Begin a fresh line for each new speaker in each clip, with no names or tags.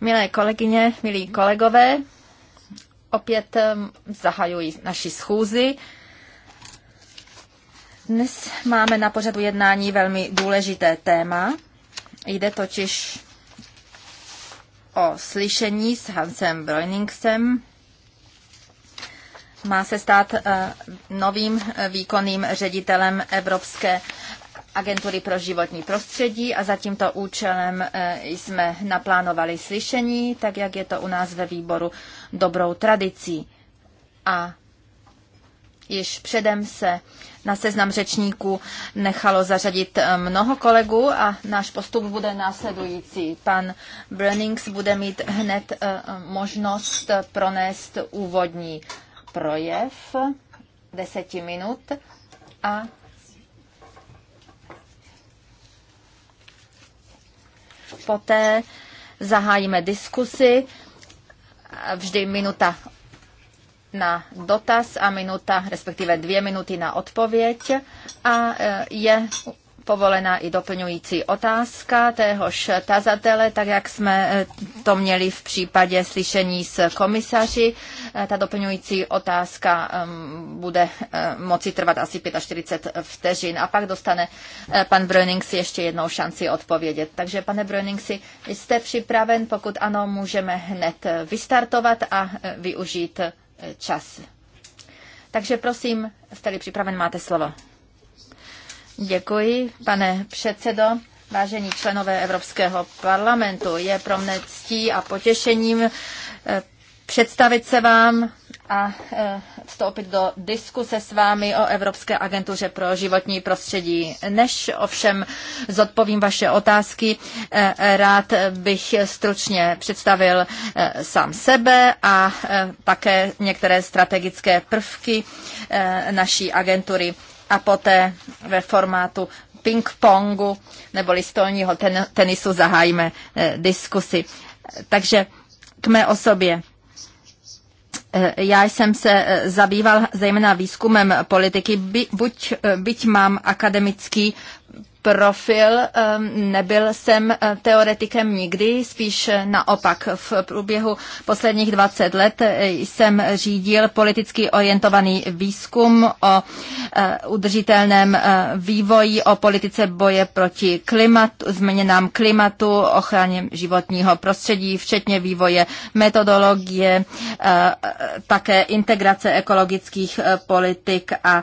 Milé kolegyně, milí kolegové, opět zahajuji naši schůzi. Dnes máme na pořadu jednání velmi důležité téma. Jde totiž o slyšení s Hansem Breuningsem, má se stát eh, novým eh, výkonným ředitelem Evropské agentury pro životní prostředí a za tímto účelem eh, jsme naplánovali slyšení, tak jak je to u nás ve výboru dobrou tradicí. A již předem se na seznam řečníků nechalo zařadit eh, mnoho kolegů a náš postup bude následující. Pan Brennings bude mít hned eh, možnost pronést úvodní projev deseti minut a Poté zahájíme diskusy. vždy minuta na dotaz a minuta, respektive dvě minuty na odpověď a e, je Povolená i doplňující otázka téhož tazatele, tak jak jsme e, to měli v případě slyšení s komisaři. E, ta doplňující otázka bude e, moci trvat asi 45 vteřin a pak dostane pan Bröning si ještě jednou šanci odpovědět. Takže pane Bröning si jste připraven? Pokud ano, můžeme hned vystartovat a využít čas. Takže prosím, jste-li připraven, máte slovo. Děkuji, pane předsedo. Vážení členové Evropského parlamentu, je pro mne ctí a potěšením eh, představit se vám a eh, vstoupit do diskuse s vámi o Evropské agentuře pro životní prostředí. Než ovšem zodpovím vaše otázky, eh, rád bych stručně představil sám sebe a také některé strategické prvky naší agentury a poté ve formátu ping-pongu neboli stolního ten, tenisu zahájíme e, eh, diskusy. Takže k mé osobě. Eh, já jsem se eh, zabýval zejména výzkumem politiky, by, buď, byť mám akademický profil. Ehm, nebyl jsem eh, teoretikem nikdy, spíš naopak. V průběhu posledních 20 let eh, jsem řídil politicky orientovaný výzkum o eh, udržitelném vývoji, o politice boje proti klimatu, změněnám klimatu, ochraně životního prostředí, včetně vývoje metodologie, také integrace ekologických politik a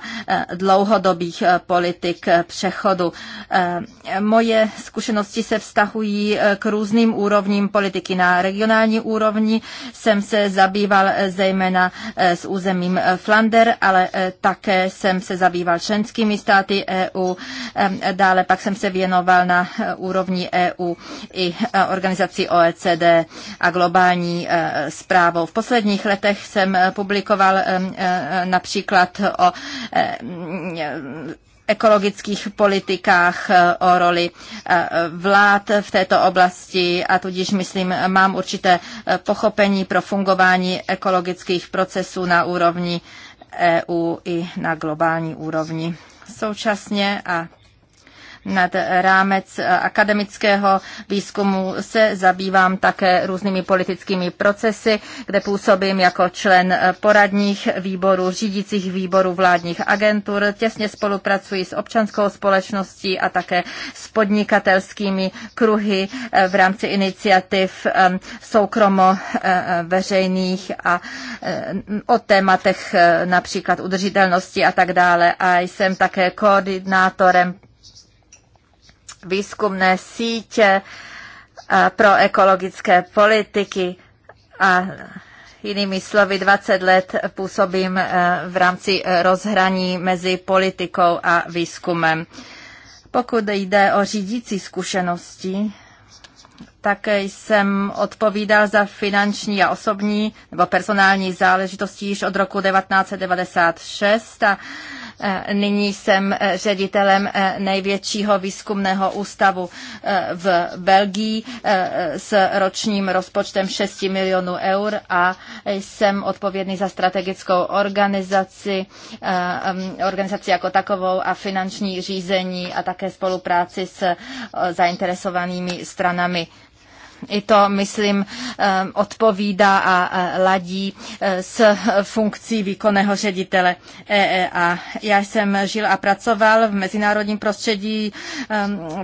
dlouhodobých politik přechodu Eh, moje zkušenosti se vztahují eh, k různým úrovním politiky. Na regionální úrovni jsem se zabýval eh, zejména s územím Flander, ale také jsem se zabýval členskými státy EU. Dále pak jsem se věnoval na úrovni EU i organizací OECD a globální zprávou. V posledních letech jsem publikoval například o ekologických politikách, eh, o roli eh, vlád v této oblasti a tudíž, myslím, mám určité eh, pochopení pro fungování ekologických procesů na úrovni EU i na globální úrovni. Současně a nad rámec akademického výzkumu se zabývám také různými politickými procesy, kde působím jako člen poradních výborů, řídících výborů vládních agentur. Těsně spolupracuji s občanskou společností a také s podnikatelskými kruhy eh, v rámci iniciativ eh, soukromo eh, veřejných a o tématech například udržitelnosti a tak dále. A jsem také koordinátorem výzkumné sítě eh, pro ekologické politiky a jinými slovy 20 let působím eh, v rámci eh, rozhraní mezi politikou a výzkumem. Pokud jde o řídící zkušenosti, tak jsem odpovídal za finanční a osobní nebo personální záležitosti již od roku 1996 a Eh, nyní jsem eh, ředitelem eh, největšího výzkumného ústavu v Belgii s ročním rozpočtem 6 milionů eur a jsem odpovědný za strategickou organizaci, mm, organizaci jako takovou a finanční řízení a také spolupráci s zainteresovanými stranami i to, myslím, eh, odpovídá a eh, ladí eh, s funkcí výkonného ředitele EEA. Já jsem žil a pracoval v mezinárodním prostředí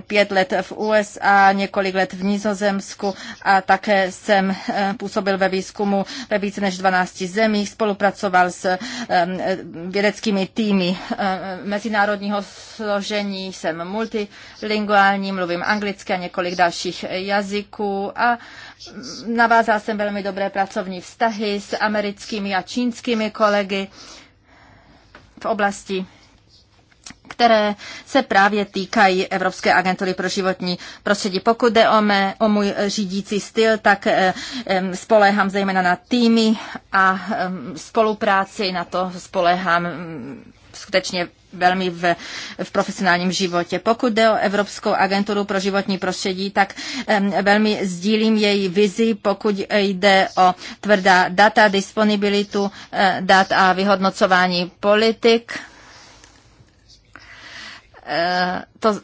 pět let v USA, několik let v Nizozemsku a také jsem působil ve výzkumu ve více než 12 zemích, spolupracoval s vědeckými týmy mezinárodního složení, jsem multilinguální, mluvím anglicky a několik dalších jazyků a navázal jsem velmi dobré pracovní vztahy s americkými a čínskými kolegy v oblasti které se právě týkají Evropské agentury pro životní prostředí. Pokud jde o, mé, o můj řídící styl, tak eh, spolehám zejména na týmy a spolupráci, na to spolehám skutečně velmi v, v profesionálním životě. Pokud jde o Evropskou agenturu pro životní prostředí, tak um, velmi sdílím její vizi, pokud jde o tvrdá data, disponibilitu uh, dat a vyhodnocování politik. Uh, to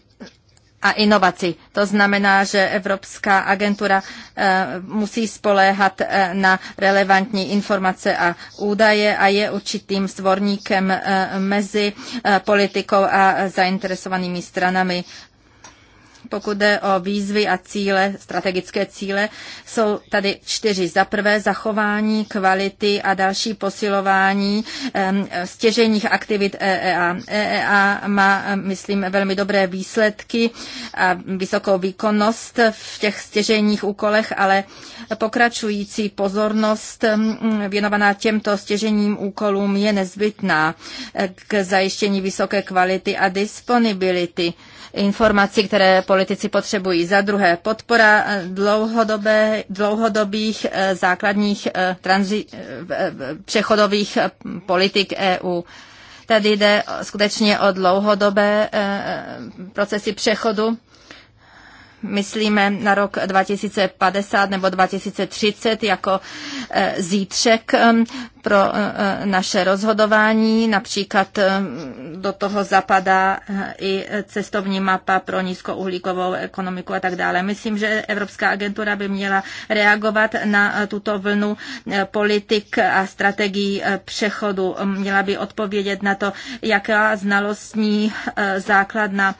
a inovací. To znamená, že Evropská agentura eh, musí spoléhat eh, na relevantní informace a údaje a je určitým svorníkem eh, mezi politikou a zainteresovanými stranami pokud jde o výzvy a cíle, strategické cíle, jsou tady čtyři. Za prvé zachování kvality a další posilování stěžejních aktivit EEA. EEA má, myslím, velmi dobré výsledky a vysokou výkonnost v těch stěžejních úkolech, ale pokračující pozornost věnovaná těmto stěžením úkolům je nezbytná eh, k zajištění vysoké kvality a disponibility informací, které politici potřebují. Za druhé, podpora eh, dlouhodobé, dlouhodobých eh, základních eh, transi, přechodových politik EU. Tady jde skutečně o dlouhodobé procesy přechodu myslíme na rok 2050 nebo 2030 jako zítřek pro eh, eh, naše rozhodování. Například eh, do toho zapadá i cestovní mapa pro nízkouhlíkovou ekonomiku a tak dále. Myslím, že Evropská agentura by měla reagovat na tuto vlnu politik a strategií přechodu. Měla by odpovědět na to, jaká znalostní základna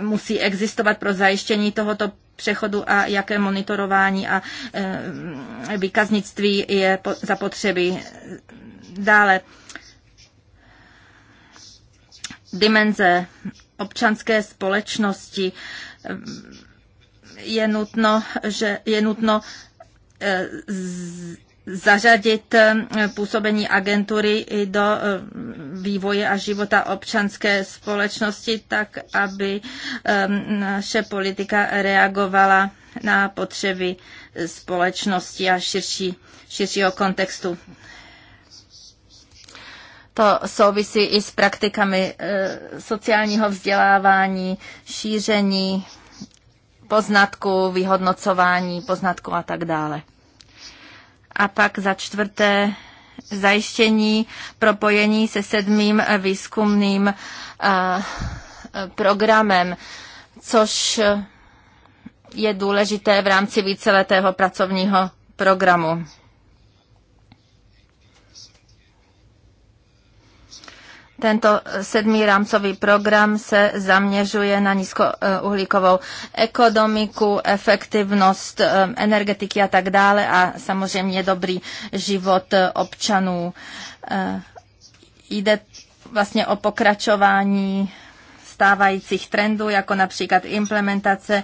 musí existovat pro zajištění tohoto přechodu a jaké monitorování a eh, výkaznictví je zapotřebí. Dále dimenze občanské společnosti je nutno, že je nutno eh, zařadit eh, působení agentury i do eh, vývoje a života občanské společnosti, tak aby eh, naše politika reagovala na potřeby společnosti a širší, širšího kontextu. To souvisí i s praktikami sociálního vzdělávání, šíření poznatků, vyhodnocování poznatků a tak dále. A pak za čtvrté zajištění propojení se sedmým výzkumným eh, programem, což je důležité v rámci víceletého pracovního programu. Tento sedmý rámcový program se zaměřuje na nízkouhlíkovou ekonomiku, efektivnost eh, energetiky a tak dále a samozřejmě dobrý život občanů. Eh, jde vlastně o pokračování stávajících trendů, jako například implementace,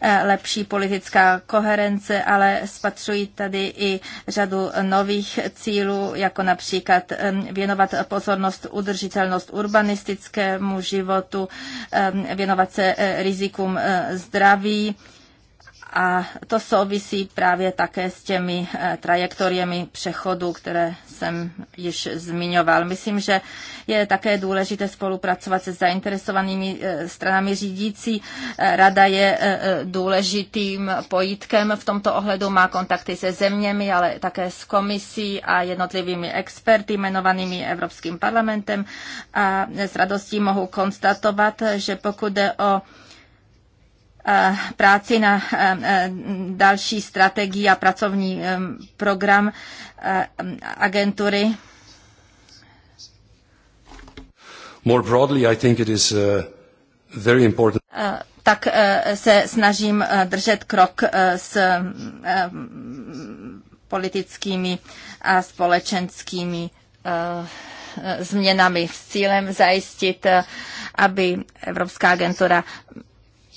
eh, lepší politická koherence, ale spatřují tady i řadu nových cílů, jako například ehm, věnovat pozornost udržitelnost urbanistickému životu, ehm, věnovat se eh, rizikům eh, zdraví, a to souvisí právě také s těmi trajektoriemi přechodu, které jsem již zmiňoval. Myslím, že je také důležité spolupracovat se zainteresovanými eh, stranami řídící. Eh, rada je eh, důležitým pojítkem v tomto ohledu, má kontakty se zeměmi, ale také s komisí a jednotlivými experty jmenovanými Evropským parlamentem a s radostí mohu konstatovat, že pokud jde o Eh, práci na eh, eh, další strategii a pracovní program agentury.
More broadly, I think it is very important.
Tak se snažím držet krok s politickými a společenskými změnami s cílem zajistit, aby Evropská agentura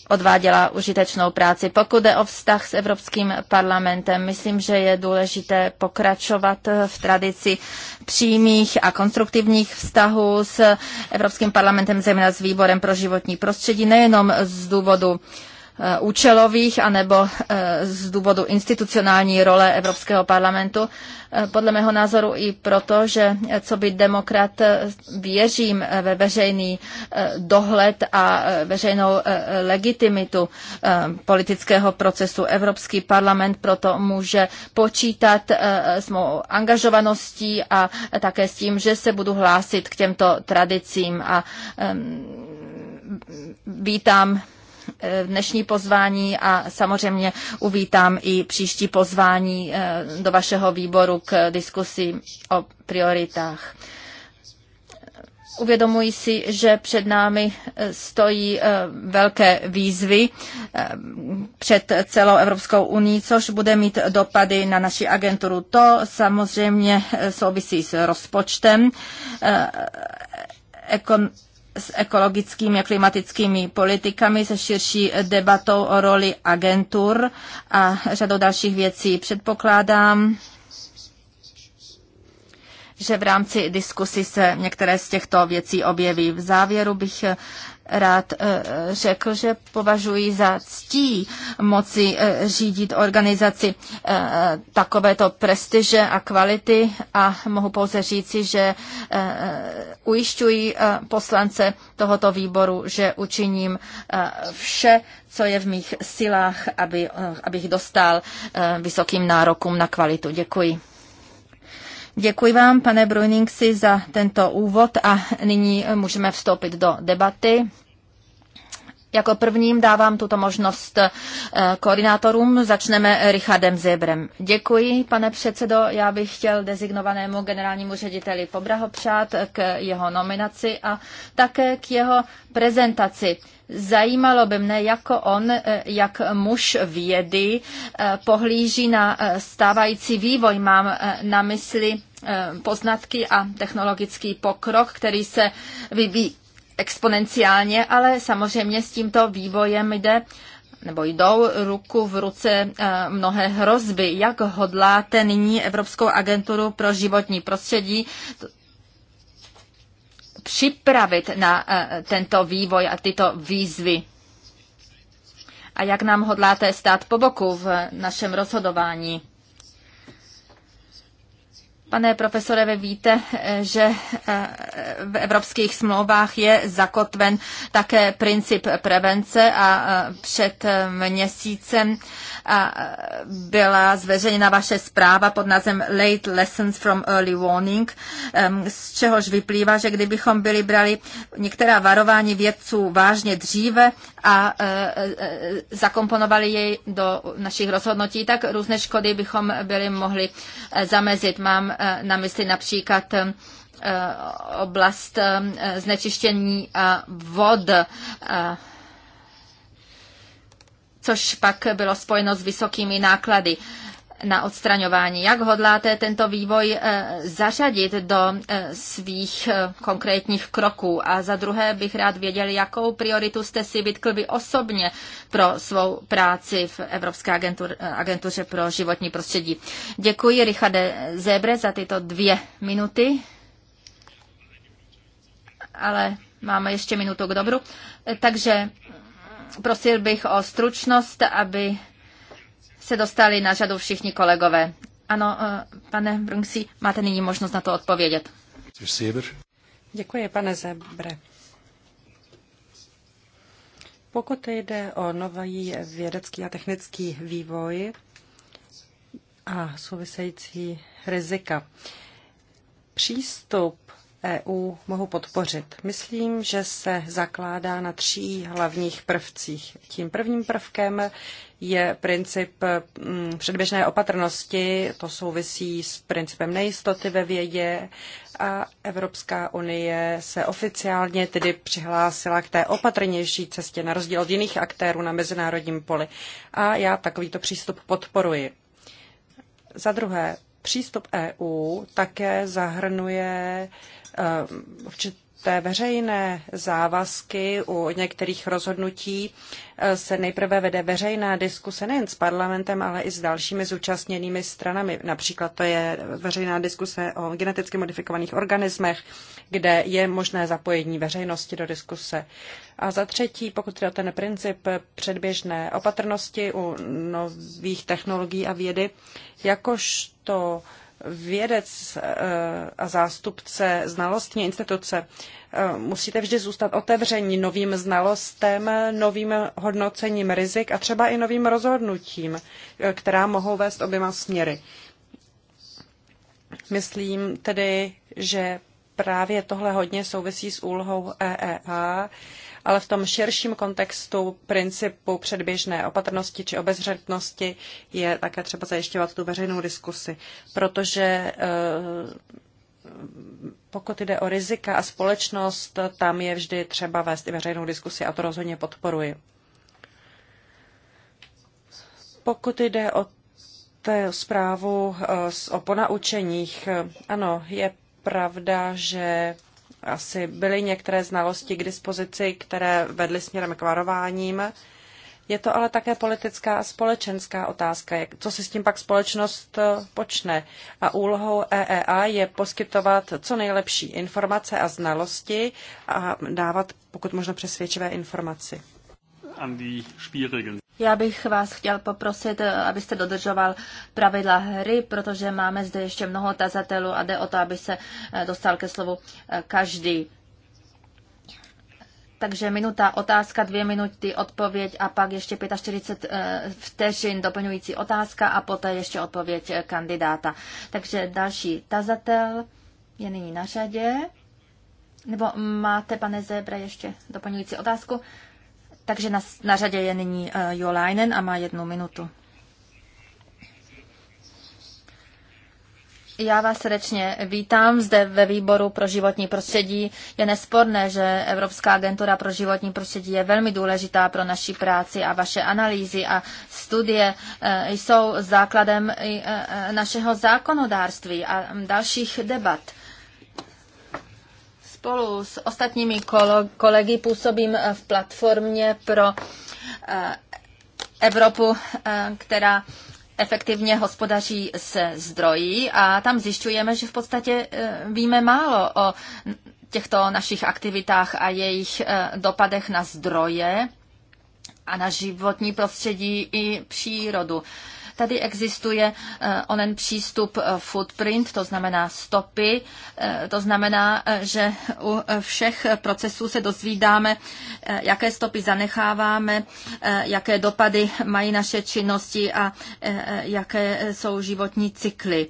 odváděla užitečnou práci. Pokud jde o vztah s Evropským parlamentem, myslím, že je důležité pokračovat v tradici přímých a konstruktivních vztahů s Evropským parlamentem, zejména s výborem pro životní prostředí, nejenom z důvodu uh, Eh, účelových anebo eh, z důvodu institucionální role Evropského parlamentu. Eh, podle mého názoru i proto, že co by demokrat věřím ve veřejný dohled a veřejnou legitimitu politického procesu. Evropský parlament proto může počítat s mou angažovaností a také s tím, že se budu hlásit k těmto tradicím a vítám Eh, dnešní pozvání a samozřejmě uvítám i příští pozvání eh, do vašeho výboru k diskusi o prioritách. Uvědomuji si, že před námi eh, stojí velké výzvy před celou Evropskou unii, což bude mít dopady na naši agenturu. To samozřejmě souvisí s rozpočtem, ekon- s ekologickými a klimatickými politikami, se širší debatou o roli agentur a řadou dalších věcí. Předpokládám, že v rámci diskusy se některé z těchto věcí objeví. V závěru bych rád eh, řekl, že považuji za ctí moci eh, řídit organizaci eh, takovéto prestiže a kvality a mohu pouze říci, že ujišťuji poslance tohoto výboru, že učiním vše, co je v mých silách, aby, abych dostal vysokým nárokům na kvalitu. Děkuji. Děkuji vám, pane Brojningsi, za tento úvod a nyní můžeme vstoupit do debaty. Jako prvním dávám tuto možnost eh, koordinátorům. Začneme Richardem Zebrem. Děkuji, pane předsedo. Já bych chtěl dezignovanému generálnímu řediteli poblahopřát k jeho nominaci a také k jeho prezentaci. Zajímalo by mne, jako on, eh, jak muž vědy, eh, pohlíží na stávající vývoj. Mám na mysli poznatky a technologický pokrok, který se vyvíjí exponenciálně, ale samozřejmě s tímto vývojem jde nebo jdou ruku v ruce eh, mnohé hrozby. Jak hodláte nyní Evropskou agenturu pro životní prostředí připravit na eh, tento vývoj a tyto výzvy? A jak nám hodláte stát po boku v našem rozhodování? Pane profesore, vy víte, že eh, v evropských smlouvách je zakotven také princip prevence a eh, před eh, měsícem byla zveřejněna vaše zpráva pod názvem Late Lessons from Early Warning, ehm, z čehož vyplývá, že kdybychom byli brali některá varování vědců vážně dříve a zakomponovali jej do našich rozhodnutí, tak různé škody bychom byli mohli zamezit. Mám Eh, na mysli například eh, oblast eh, znečištění vod což pak bylo spojeno s vysokými náklady na odstraňování. Jak hodláte tento vývoj eh, zařadit do eh, svých eh, konkrétních kroků? A za druhé bych rád věděl, jakou prioritu jste si vytkl vy osobně pro svou práci v Evropské agentur, agentuře pro životní prostředí. Děkuji Richarde Zebre za tyto dvě minuty. Ale máme ještě minutu k dobru. Takže mm, prosil bych o stručnost, aby se dostali na řadu všichni kolegové. Ano, eh, pane Brunsi, máte nyní možnost na to odpovědět. Děkuji, pane Zebre.
Pokud jde o nový vědecký a technický vývoj a související rizika, přístup EU mohu podpořit? Myslím, že se zakládá na tří hlavních prvcích. Tím prvním prvkem je princip mm, předběžné opatrnosti, to souvisí s principem nejistoty ve vědě a Evropská unie se oficiálně tedy přihlásila k té opatrnější cestě na rozdíl od jiných aktérů na mezinárodním poli. A já takovýto přístup podporuji. Za druhé, Přístup EU také zahrnuje eh, určitě té veřejné závazky u některých rozhodnutí eh, se nejprve vede veřejná diskuse nejen s parlamentem, ale i s dalšími zúčastněnými stranami. Například to je veřejná diskuse o geneticky modifikovaných organismech, kde je možné zapojení veřejnosti do diskuse. A za třetí, pokud jde o ten princip předběžné opatrnosti u nových technologií a vědy, jakožto to vědec eh, a zástupce znalostní instituce eh, musíte vždy zůstat otevření novým znalostem, novým hodnocením rizik a třeba i novým rozhodnutím, eh, která mohou vést oběma směry. Myslím tedy, že právě tohle hodně souvisí s úlohou EEA, ale v tom širším kontextu principu předběžné opatrnosti či obezřetnosti je také třeba zajišťovat tu veřejnou diskusi, protože eh, pokud jde o rizika a společnost, tam je vždy třeba vést i veřejnou diskusi a to rozhodně podporuji. Pokud jde o té zprávu eh, o ponaučeních, eh, ano, je pravda, že asi byly některé znalosti k dispozici, které vedly směrem k varováním. Je to ale také politická a společenská otázka, co si s tím pak společnost eh, počne. A úlohou EEA je poskytovat co nejlepší informace a znalosti a dávat pokud možno přesvědčivé informaci.
Já bych vás chtěl poprosit, eh, abyste dodržoval pravidla hry, protože máme zde ještě mnoho tazatelů a jde o to, aby se eh, dostal ke slovu eh, každý. Takže minuta otázka, dvě minuty odpověď a pak ještě 45 vteřin doplňující otázka a poté ještě odpověď kandidáta. Takže další tazatel je nyní na řadě. Nebo máte, pane zebra ještě doplňující otázku? Takže na, na řadě je nyní uh, Jo Leinen a má jednu minutu. Já vás srdečně vítám zde ve výboru pro životní prostředí. Je nesporné, že Evropská agentura pro životní prostředí je velmi důležitá pro naši práci a vaše analýzy a studie eh, jsou základem eh, našeho zákonodárství a dalších debat. Spolu s ostatními kolegy působím eh, v platformě pro eh, Evropu, eh, která efektivně hospodaří se zdroji a tam zjišťujeme, že v podstatě víme málo o těchto našich aktivitách a jejich dopadech na zdroje a na životní prostředí i přírodu. Tady existuje eh, onen přístup eh, footprint, to znamená stopy, eh, to znamená, že u všech procesů se dozvídáme, jaké stopy zanecháváme, jaké dopady mají naše činnosti a jaké jsou životní cykly.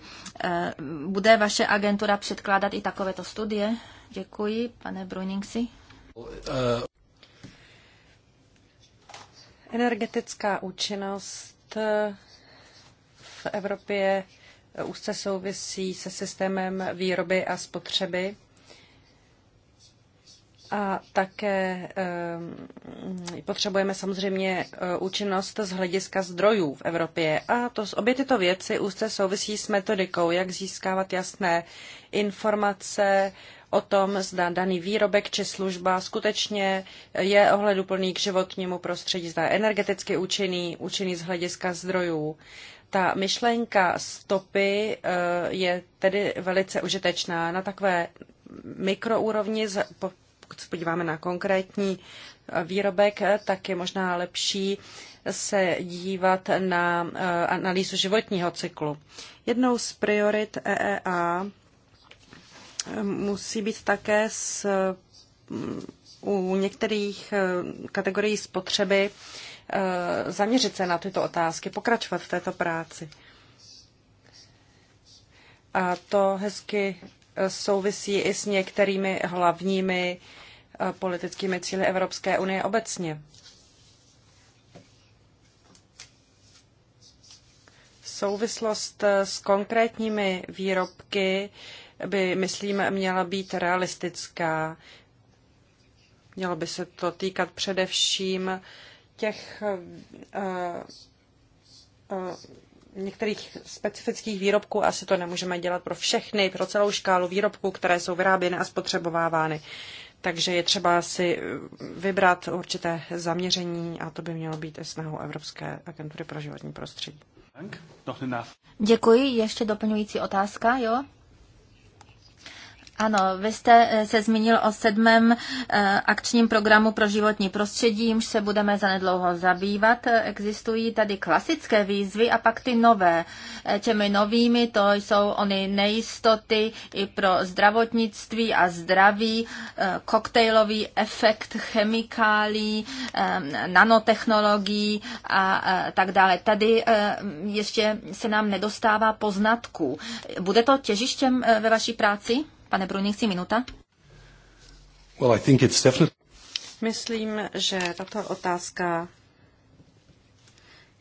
Bude vaše agentura předkládat i takovéto studie? Děkuji, pane Bruningsi. Energetická
účinnost Evropě úzce souvisí se systémem výroby a spotřeby a také ehm, potřebujeme samozřejmě e, účinnost z hlediska zdrojů v Evropě. A to, obě tyto věci úzce souvisí s metodikou, jak získávat jasné informace o tom, zda daný výrobek či služba skutečně je ohleduplný k životnímu prostředí, zda je energeticky účinný, účinný z hlediska zdrojů. Ta myšlenka stopy eh, je tedy velice užitečná na takové mikroúrovni, pokud se podíváme na konkrétní eh, výrobek, eh, tak je možná lepší se dívat na analýzu životního cyklu. Jednou z priorit EEA musí být také s, u některých eh, kategorií spotřeby eh, zaměřit se na tyto otázky, pokračovat v této práci. A to hezky eh, souvisí i s některými hlavními politickými cíly Evropské unie obecně. Souvislost s konkrétními výrobky by, myslím, měla být realistická. Mělo by se to týkat především těch uh, uh, některých specifických výrobků. Asi to nemůžeme dělat pro všechny, pro celou škálu výrobků, které jsou vyráběny a spotřebovávány. Takže je třeba si vybrat určité zaměření a to by mělo být i snahou Evropské agentury pro životní prostředí.
Děkuji. Ještě doplňující otázka, jo? Ano, vy jste eh, se zmínil o sedmém eh, akčním programu pro životní prostředí, jimž se budeme zanedlouho zabývat. Existují tady klasické výzvy a pak ty nové. Eh, těmi novými to jsou ony nejistoty i pro zdravotnictví a zdraví, koktejlový efekt chemikálí, nanotechnologií a tak dále. Tady ještě se nám nedostává poznatků. Bude to těžištěm ve vaší práci? Pane Brunici, minuta.
Well, I think it's definitely...
Myslím, že tato otázka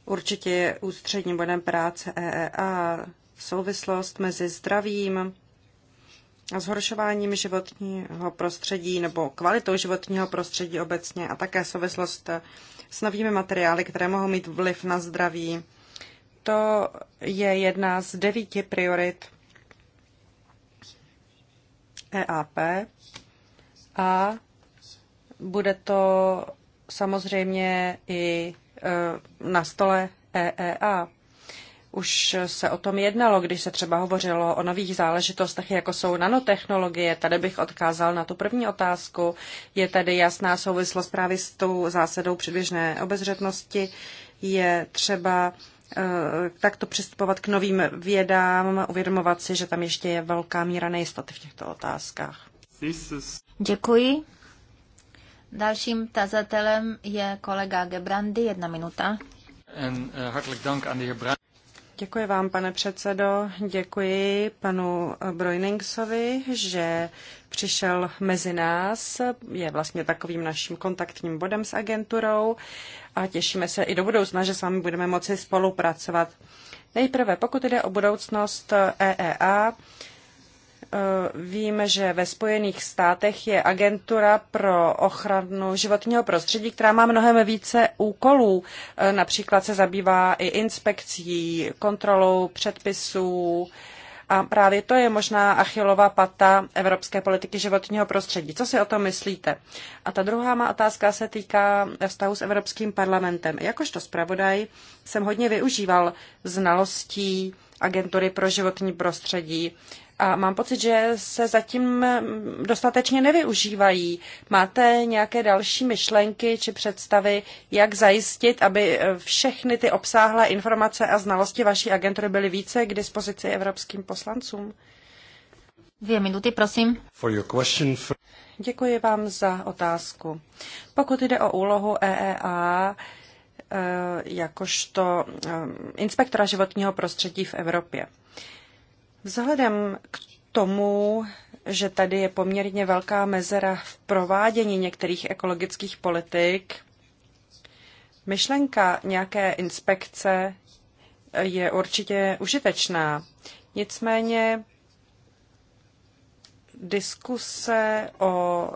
určitě je ústředním bodem práce EEA. Souvislost mezi zdravím a zhoršováním životního prostředí nebo kvalitou životního prostředí obecně a také souvislost s novými materiály, které mohou mít vliv na zdraví. To je jedna z devíti priorit EAP a bude to samozřejmě i e, na stole EEA. Už se o tom jednalo, když se třeba hovořilo o nových záležitostech, jako jsou nanotechnologie. Tady bych odkázal na tu první otázku. Je tady jasná souvislost právě s tou zásadou předběžné obezřetnosti. Je třeba Eh, takto přistupovat k novým vědám, uvědomovat si, že tam
ještě je velká míra nejistoty v těchto otázkách. Děkuji. Dalším tazatelem je kolega Gebrandy, jedna minuta. Eh,
Děkuji vám, pane předsedo. Děkuji panu eh, Brojningsovi, že přišel mezi nás. Je vlastně takovým naším kontaktním bodem s agenturou a těšíme se i do budoucna, že s vámi budeme moci spolupracovat. Nejprve, pokud jde o budoucnost EEA, eh, e eh, víme, že ve Spojených státech je agentura pro ochranu životního prostředí, která má mnohem více úkolů. Eh, například se zabývá i inspekcí, kontrolou předpisů, a právě to je možná achilová pata evropské politiky životního prostředí. Co si o tom myslíte? A ta druhá má otázka se týká vztahu s Evropským parlamentem. Jakožto zpravodaj jsem hodně využíval znalostí agentury pro životní prostředí. A mám pocit, že se zatím dostatečně nevyužívají. Máte nějaké další myšlenky či představy, jak zajistit, aby všechny ty obsáhlé informace a znalosti vaší agentury byly více k dispozici evropským poslancům? Dvě minuty, prosím. For your question for... Děkuji vám za otázku. Pokud jde o úlohu EEA, Eh, jakožto eh, inspektora životního prostředí v Evropě. Vzhledem k tomu, že tady je poměrně velká mezera v provádění některých ekologických politik, myšlenka nějaké inspekce eh, je určitě užitečná. Nicméně diskuse o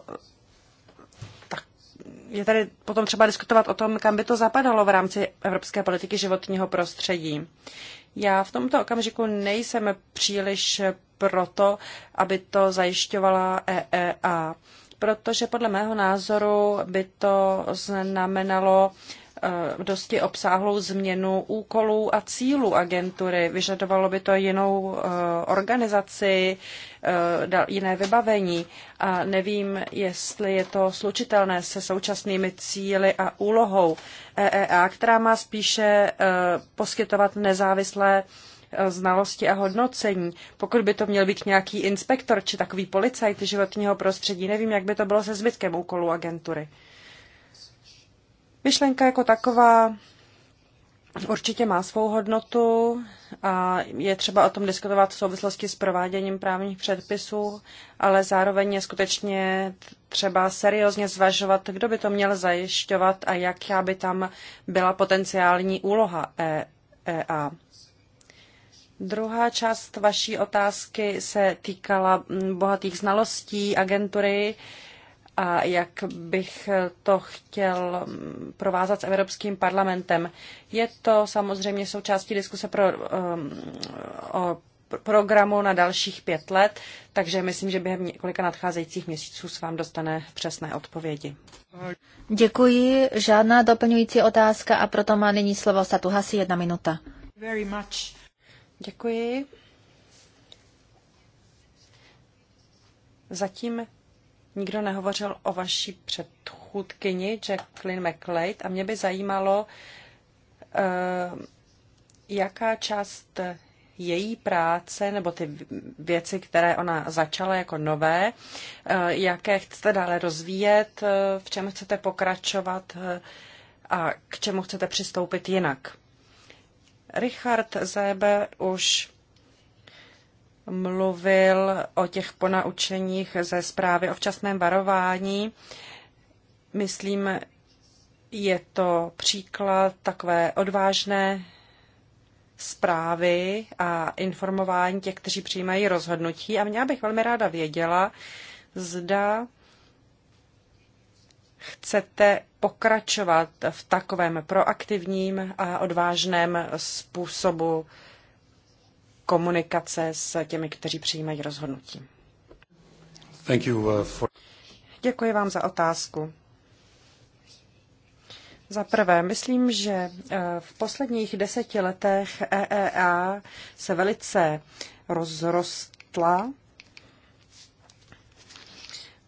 je tady potom třeba diskutovat o tom, kam by to zapadalo v rámci evropské politiky životního prostředí. Já v tomto okamžiku nejsem příliš proto, aby to zajišťovala EEA, protože podle mého názoru by to znamenalo eh, dosti obsáhlou změnu úkolů a cílů agentury. Vyžadovalo by to jinou eh, organizaci, Eh, jiné vybavení a nevím, jestli je to slučitelné se současnými cíly a úlohou EEA, která má spíše eh, poskytovat nezávislé eh, znalosti a hodnocení. Pokud by to měl být nějaký inspektor či takový policajt životního prostředí, nevím, jak by to bylo se zbytkem úkolů agentury. Myšlenka jako taková určitě má svou hodnotu a je třeba o tom diskutovat v souvislosti s prováděním právních předpisů, ale zároveň je skutečně třeba seriózně zvažovat, kdo by to měl zajišťovat a jaká by tam byla potenciální úloha EA. E Druhá část vaší otázky se týkala bohatých znalostí agentury. Uh, a jak bych to chtěl provázat s Evropským parlamentem. Je to samozřejmě součástí diskuse pro, um, o programu na dalších pět let, takže myslím, že během několika nadcházejících měsíců s vám dostane přesné odpovědi.
Děkuji. Žádná doplňující otázka a proto má nyní slovo Hasi jedna minuta.
Very much. Děkuji. Zatím Nikdo nehovořil o vaší předchůdkyni Jacqueline McLeod a mě by zajímalo, eh, jaká část její práce nebo ty věci, které ona začala jako nové, eh, jaké chcete dále rozvíjet, eh, v čem chcete pokračovat a k čemu chcete přistoupit jinak. Richard Zeber už mluvil o těch ponaučeních ze zprávy o včasném varování. Myslím, je to příklad takové odvážné zprávy a informování těch, kteří přijímají rozhodnutí. A měla bych velmi ráda věděla, zda chcete pokračovat v takovém proaktivním a odvážném způsobu komunikace s těmi, kteří přijímají rozhodnutí. Thank you uh, for... Děkuji vám za otázku. Za prvé, myslím, že uh, v posledních deseti letech EEA se velice rozrostla.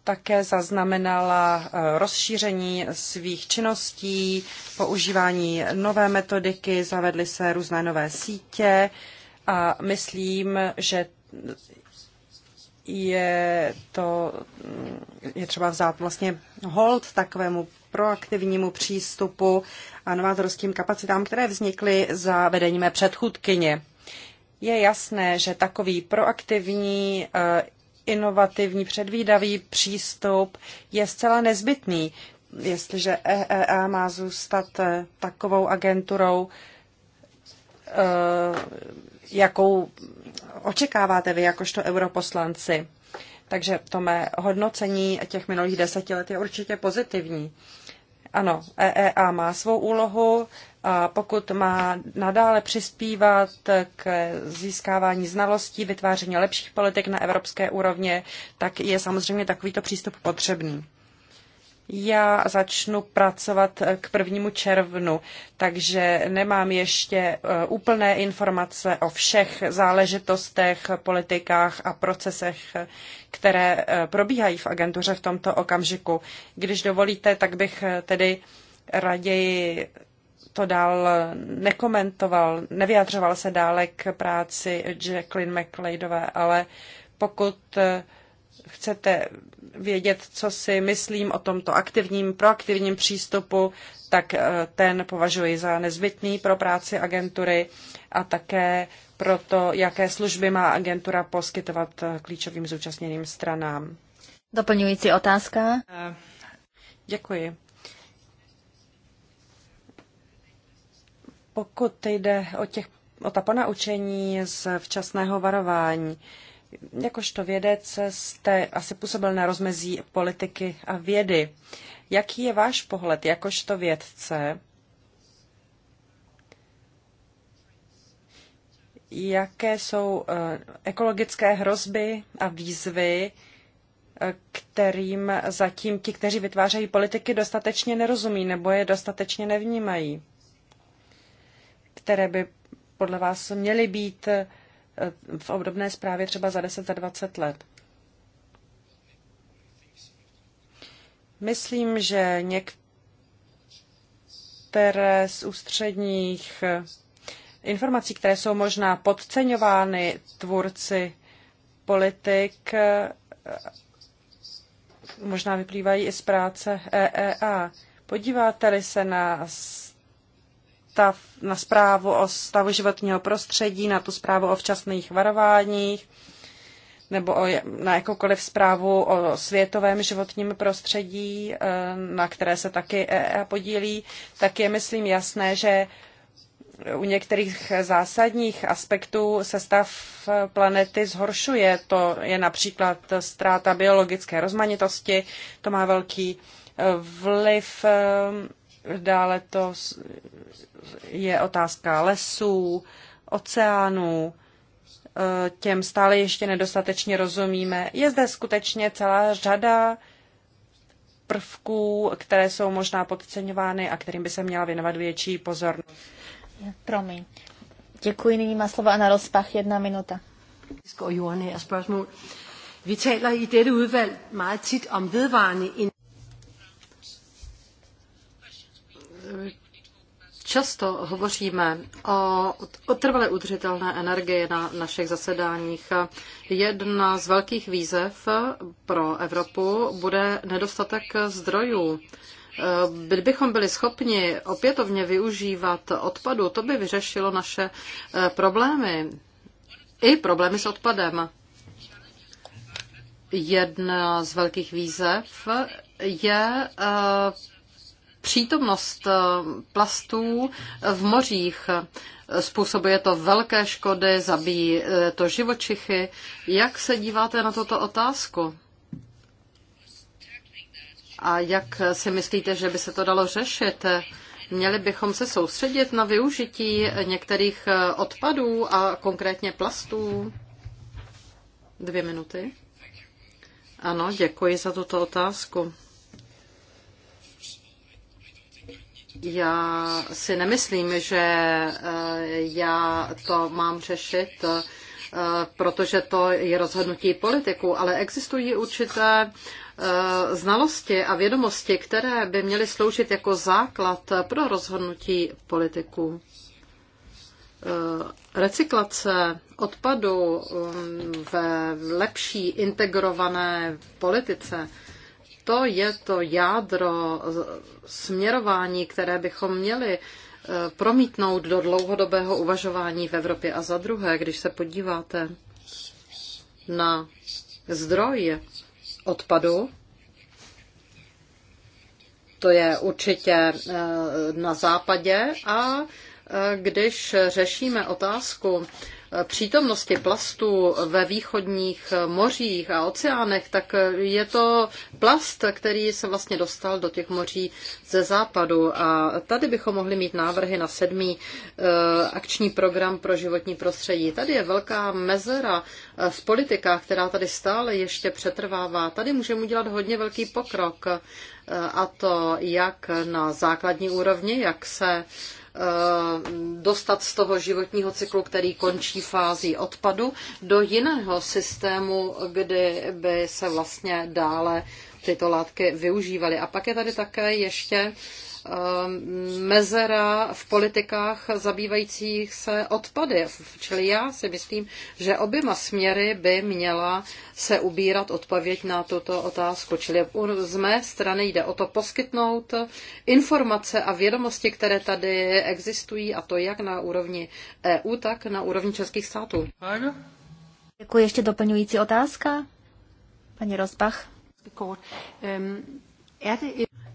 Také zaznamenala uh, rozšíření svých činností, používání nové metodiky, zavedly se různé nové sítě, a myslím, že je to je třeba vzát vlastně hold takovému proaktivnímu přístupu a novátorským kapacitám, které vznikly za vedení mé předchůdkyně. Je jasné, že takový proaktivní, eh, inovativní, předvídavý přístup je zcela nezbytný, jestliže EEA má zůstat eh, takovou agenturou, eh, jakou očekáváte vy jakožto europoslanci. Takže to mé hodnocení těch minulých deseti let je určitě pozitivní. Ano, EEA má svou úlohu a pokud má nadále přispívat k získávání znalostí, vytváření lepších politik na evropské úrovně, tak je samozřejmě takovýto přístup potřebný. Já začnu pracovat k prvnímu červnu, takže nemám ještě eh, úplné informace o všech záležitostech, politikách a procesech, které eh, probíhají v agentuře v tomto okamžiku. Když dovolíte, tak bych eh, tedy raději to dál nekomentoval, nevyjadřoval se dále k práci Jacqueline McLeodové, ale pokud chcete vědět, co si myslím o tomto aktivním, proaktivním přístupu, tak eh, ten považuji za nezbytný pro práci agentury a také pro to, jaké služby má agentura poskytovat eh, klíčovým zúčastněným stranám.
Doplňující otázka.
Eh, děkuji. Pokud jde o, těch, o ta ponaučení z včasného varování, Jakožto vědec jste asi působil na rozmezí politiky a vědy. Jaký je váš pohled jakožto vědce? Jaké jsou eh, ekologické hrozby a výzvy, eh, kterým zatím ti, kteří vytvářejí politiky, dostatečně nerozumí nebo je dostatečně nevnímají? Které by podle vás měly být v obdobné zprávě třeba za 10, za 20 let. Myslím, že některé z ústředních informací, které jsou možná podceňovány tvůrci politik, možná vyplývají i z práce EEA. Podíváte-li se na stav, na zprávu o stavu životního prostředí, na tu zprávu o včasných varováních nebo o, na jakoukoliv zprávu o světovém životním prostředí, eh, na které se taky EEA podílí, tak je, myslím, jasné, že u některých zásadních aspektů se stav planety zhoršuje. To je například ztráta biologické rozmanitosti, to má velký eh, vliv eh, Dále to je otázka lesů, oceánů, e, těm stále ještě nedostatečně rozumíme. Je zde skutečně celá řada prvků, které jsou možná podceňovány a kterým by se měla věnovat větší pozornost.
Promiň. Děkuji, nyní má slova na rozpach jedna minuta.
Vy taler i tady udvalg meget tit om vedvarende Často hovoříme o, o trvale udržitelné energie na našich zasedáních. Jedna z velkých výzev pro Evropu bude nedostatek zdrojů. Kdybychom byli schopni opětovně využívat odpadu, to by vyřešilo naše eh, problémy. I problémy s odpadem. Jedna z velkých výzev je eh, přítomnost eh, plastů v mořích. Způsobuje to velké škody, zabíjí eh, to živočichy. Jak se díváte na tuto otázku? A jak si myslíte, že by se to dalo řešit? Měli bychom se soustředit na využití některých eh, odpadů a konkrétně plastů? Dvě minuty. Ano, děkuji za tuto otázku. Já si nemyslím, že eh, já to mám řešit, eh, protože to je rozhodnutí politiků, ale existují určité eh, znalosti a vědomosti, které by měly sloužit jako základ pro rozhodnutí politiků. Recyklace odpadu mm, v lepší integrované politice to je to jádro směrování, které bychom měli e, promítnout do dlouhodobého uvažování v Evropě. A za druhé, když se podíváte na zdroj odpadu, to je určitě e, na západě a e, když řešíme otázku přítomnosti plastu ve východních mořích a oceánech, tak je to plast, který se vlastně dostal do těch moří ze západu. A tady bychom mohli mít návrhy na sedmý eh, akční program pro životní prostředí. Tady je velká mezera eh, v politikách, která tady stále ještě přetrvává. Tady můžeme udělat hodně velký pokrok eh, a to jak na základní úrovni, jak se uh, Eh, dostat z toho životního cyklu, který končí fází odpadu, do jiného systému, kde by se vlastně dále tyto látky využívaly. A pak je tady také ještě Eh, mezera v politikách zabývajících se odpady. Čili já si myslím, že oběma směry by měla se ubírat odpověď na tuto otázku. Čili z mé strany jde o to poskytnout informace a vědomosti, které tady existují, a to jak na úrovni EU, tak na úrovni českých států.
Děkuji. Ještě doplňující
otázka? Paní Rozbach.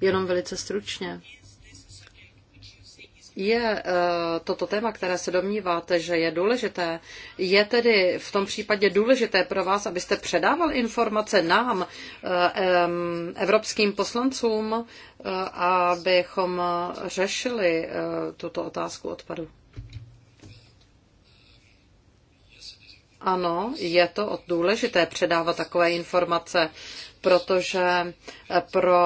Jenom velice stručně je eh, toto téma, které se domníváte, že je důležité, je tedy v tom případě důležité pro vás, abyste předával informace nám, eh, evropským poslancům, eh, abychom řešili tuto otázku odpadu? Ano, je to důležité předávat takové informace, protože eh, pro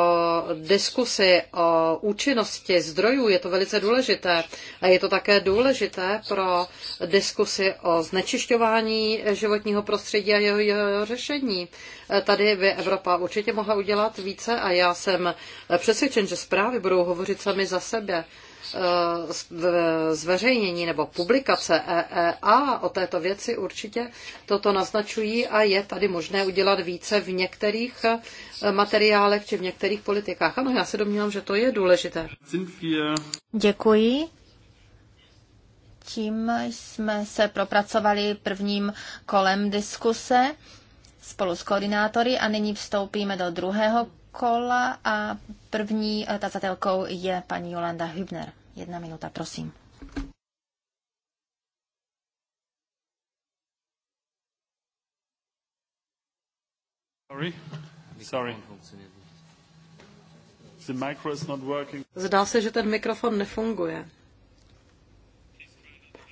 diskusy o účinnosti zdrojů je to velice důležité. A je to také důležité pro diskusy o znečišťování životního prostředí a jeho, jeho řešení. Eh, tady by Evropa určitě mohla udělat více a já jsem eh, přesvědčen, že zprávy budou hovořit sami za sebe. Eh, zveřejnění nebo publikace EEA o této věci určitě toto naznačují a je tady možné udělat více v některých eh, materiálech či v některých politikách. Ano, já se domnívám, že to je důležité.
Děkuji. Tím jsme se propracovali prvním kolem diskuse spolu s koordinátory a nyní vstoupíme do druhého kola a první eh, tazatelkou je paní Jolanda Hübner. Jedna minuta, prosím.
Sorry. Sorry. The micro is not working. Zdá
se, že ten mikrofon nefunguje.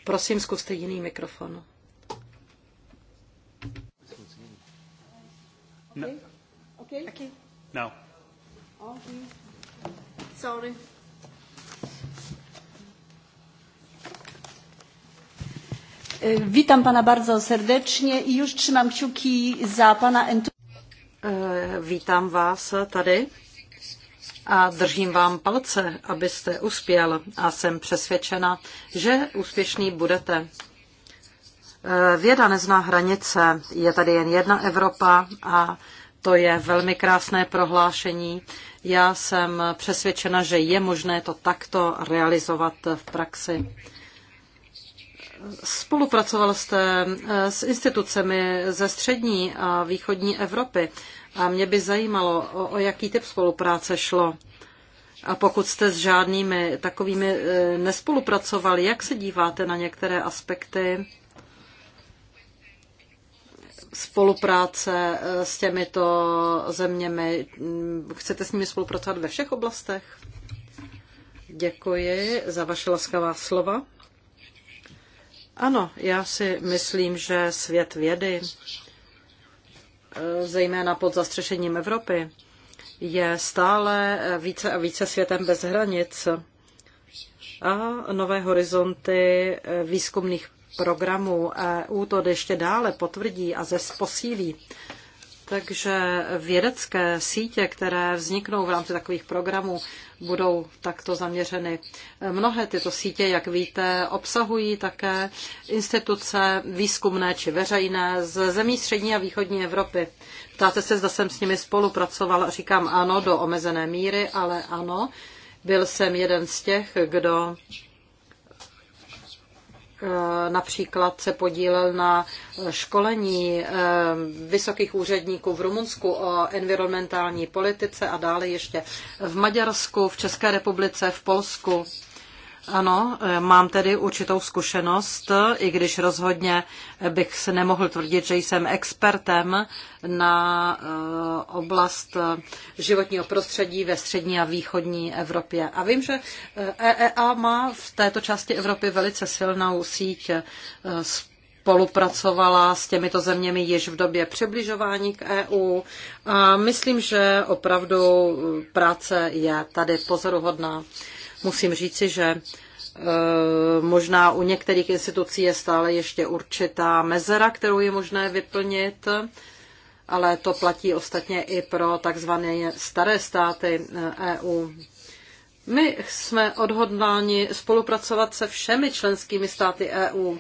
Prosím, zkuste jiný mikrofon.
No. Okay. Okay. Okay. No. Okay. Sorry.
E, witam Pana bardzo serdecznie i już trzymam kciuki za Pana entuzjazm. E, Vítám vás tady a držím vám palce, abyste uspěl a jsem přesvědčena, že úspěšný budete. E, věda nezná hranice, je tady jen jedna Evropa a to je velmi krásné prohlášení. Já jsem přesvědčena, že je možné to takto realizovat v praxi. Spolupracoval jste eh, s institucemi ze střední a východní Evropy a mě by zajímalo, o jaký typ spolupráce šlo. A pokud jste s žádnými takovými eh, nespolupracovali, jak se díváte na některé aspekty spolupráce eh, s těmito zeměmi? Mm, chcete s nimi spolupracovat ve všech oblastech? Děkuji za vaše laskavá slova. Ano, já si myslím, že svět vědy, eh, zejména pod zastřešením Evropy, je stále eh, více a více světem bez hranic a nové horizonty výzkumných Programu EU to ještě dále potvrdí a zesposílí. Takže vědecké sítě, které vzniknou v rámci takových programů, budou takto zaměřeny. Mnohé tyto sítě, jak víte, obsahují také instituce výzkumné či veřejné z zemí střední a východní Evropy. Ptáte se, zda jsem s nimi spolupracoval. Říkám ano do omezené míry, ale ano. Byl jsem jeden z těch, kdo Eh, například se podílel na školení eh, vysokých úředníků v Rumunsku o environmentální politice a dále ještě v Maďarsku, v České republice, v Polsku. Ano, e, mám tedy určitou zkušenost, i když rozhodně bych se nemohl tvrdit, že jsem expertem na e, oblast e, životního prostředí ve střední a východní Evropě. A vím, že EEA má v této části Evropy velice silnou síť spolupracovala s těmito zeměmi již v době přibližování k EU. A myslím, že opravdu práce je tady pozoruhodná musím říci, že e, možná u některých institucí je stále ještě určitá mezera, kterou je možné vyplnit, ale to platí ostatně i pro takzvané staré státy EU. E My jsme odhodláni spolupracovat se všemi členskými státy EU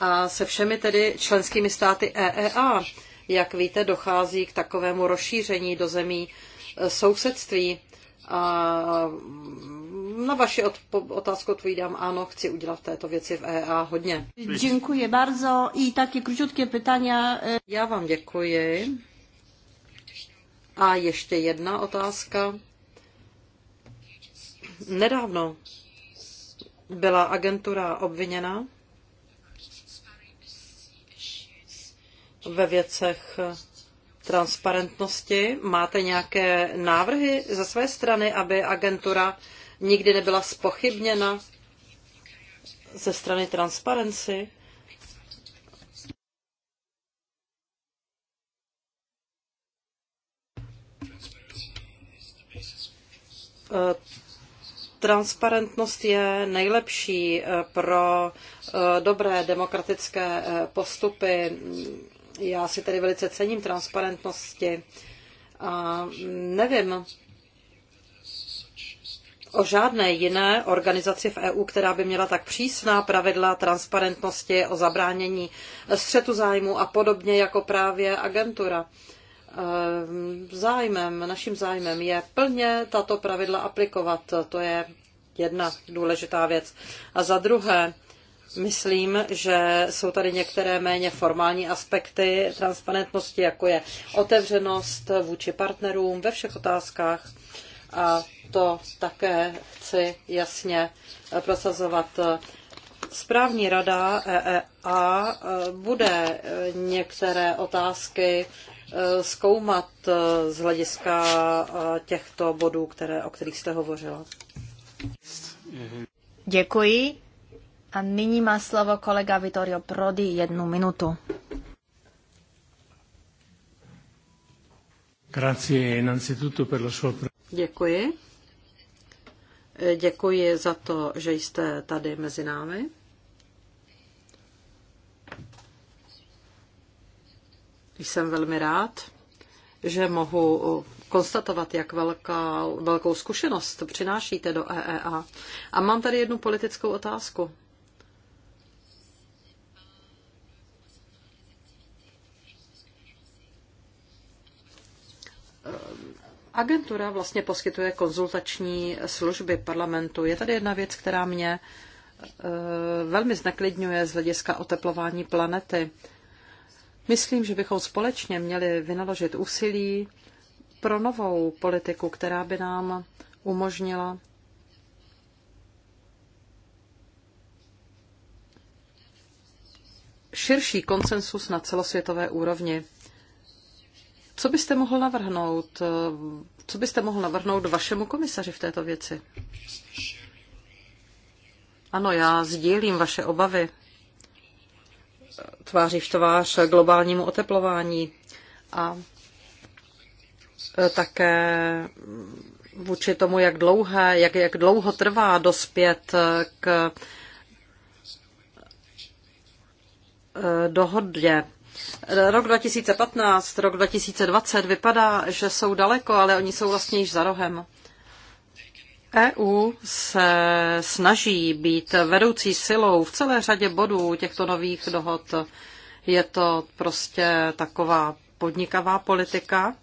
a se všemi tedy členskými státy EEA. Jak víte, dochází k takovému rozšíření do zemí e, sousedství a na vaši otázku odpovídám ano, chci udělat v této věci v EA hodně. Děkuji bardzo i také króciutkie pytania. E, Já vám děkuji. A ještě jedna otázka. Nedávno byla agentura obviněna ve věcech transparentnosti. Máte nějaké návrhy ze své strany, aby agentura nikdy nebyla spochybněna ze strany transparenci? Eh, transparentnost je nejlepší eh, pro eh, dobré demokratické postupy. Já si tedy velice cením transparentnosti a nevím, o žádné jiné organizaci v EU, která by měla tak přísná pravidla transparentnosti o zabránění střetu zájmu a podobně jako právě agentura. Ehm, zájmem, naším zájmem je plně tato pravidla aplikovat. To je jedna důležitá věc. A za druhé, Myslím, že jsou tady některé méně formální aspekty transparentnosti, jako je otevřenost vůči partnerům ve všech otázkách a to také chci jasně prosazovat. Správní rada EEA bude některé otázky eh, zkoumat eh, z hlediska eh, těchto bodů, které, o kterých jste hovořila.
Děkuji. A nyní má slovo kolega Vittorio Prodi jednu minutu.
Grazie innanzitutto per la sua
Děkuji.
Děkuji za to, že jste tady mezi námi. Jsem velmi rád, že mohu konstatovat, jak velká, velkou zkušenost přinášíte do EEA. A mám tady jednu politickou otázku. Agentura vlastně poskytuje konzultační služby parlamentu. Je tady jedna věc, která mě eh, velmi zneklidňuje z hlediska oteplování planety. Myslím, že bychom společně měli vynaložit úsilí pro novou politiku, která by nám umožnila širší konsensus na celosvětové úrovni. Co byste mohl navrhnout? Eh, co byste mohl navrhnout vašemu komisaři v této věci? Ano, já sdílím vaše obavy eh, tváří v tvář globálnímu oteplování a eh, také vůči tomu, jak dlouhé, jak, jak dlouho trvá dospět k dohodě Rok 2015, rok 2020 vypadá, že jsou daleko, ale oni jsou vlastně již za rohem. EU se snaží být vedoucí silou v celé řadě bodů těchto nových dohod. Je to prostě taková podnikavá politika,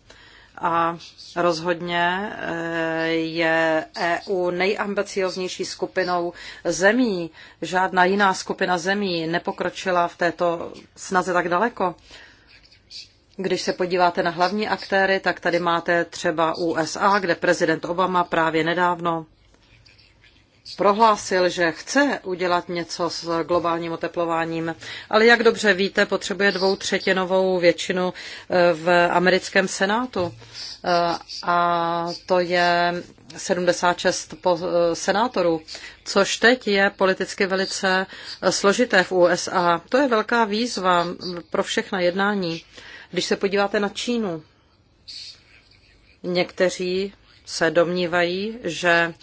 a rozhodně eh, je EU nejambicioznější skupinou zemí. Žádná jiná skupina zemí nepokročila v této snaze tak daleko. Když se podíváte na hlavní aktéry, tak tady máte třeba USA, kde prezident Obama právě nedávno prohlásil, že chce udělat něco s globálním oteplováním, ale jak dobře víte, potřebuje dvou třetinovou většinu eh, v americkém senátu. Eh, a to je 76 eh, senátorů, což teď je politicky velice složité v USA. To je velká výzva pro všechna jednání. Když se podíváte na Čínu, někteří se domnívají, že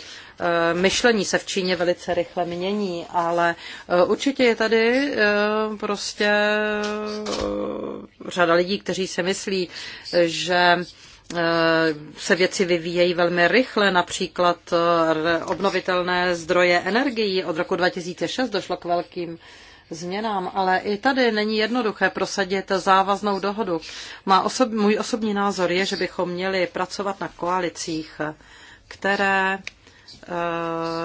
Eh, myšlení se v Číně velice rychle mění, ale eh, určitě je tady eh, prostě řada lidí, kteří si myslí, že se věci vyvíjejí velmi rychle, například obnovitelné zdroje energií. Od roku 2006 došlo k velkým změnám, ale i tady není jednoduché prosadit závaznou dohodu. Má osob, můj osobní názor je, že bychom měli pracovat na koalicích, které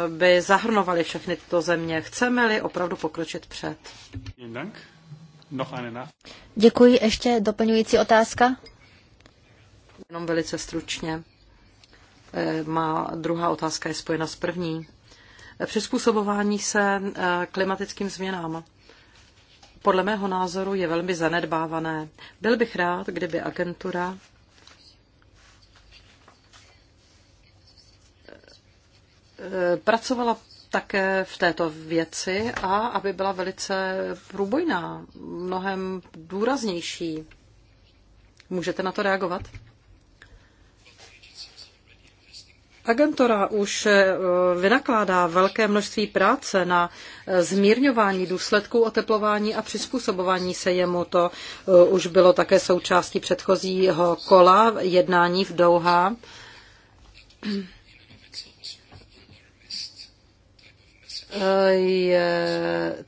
by zahrnovaly všechny tyto země. Chceme-li opravdu pokročit před.
Děkuji. Ještě doplňující otázka?
Jenom velice stručně.
Eh, má
druhá otázka je spojena s první. Eh, přizpůsobování se eh, klimatickým změnám podle mého názoru je velmi zanedbávané. Byl bych rád, kdyby agentura pracovala také v této věci a aby byla velice průbojná, mnohem důraznější. Můžete na to reagovat? Agentura už eh, vynakládá velké množství práce na eh, zmírňování důsledků oteplování a přizpůsobování se jemu. To eh, už bylo také součástí předchozího kola jednání v Douha. je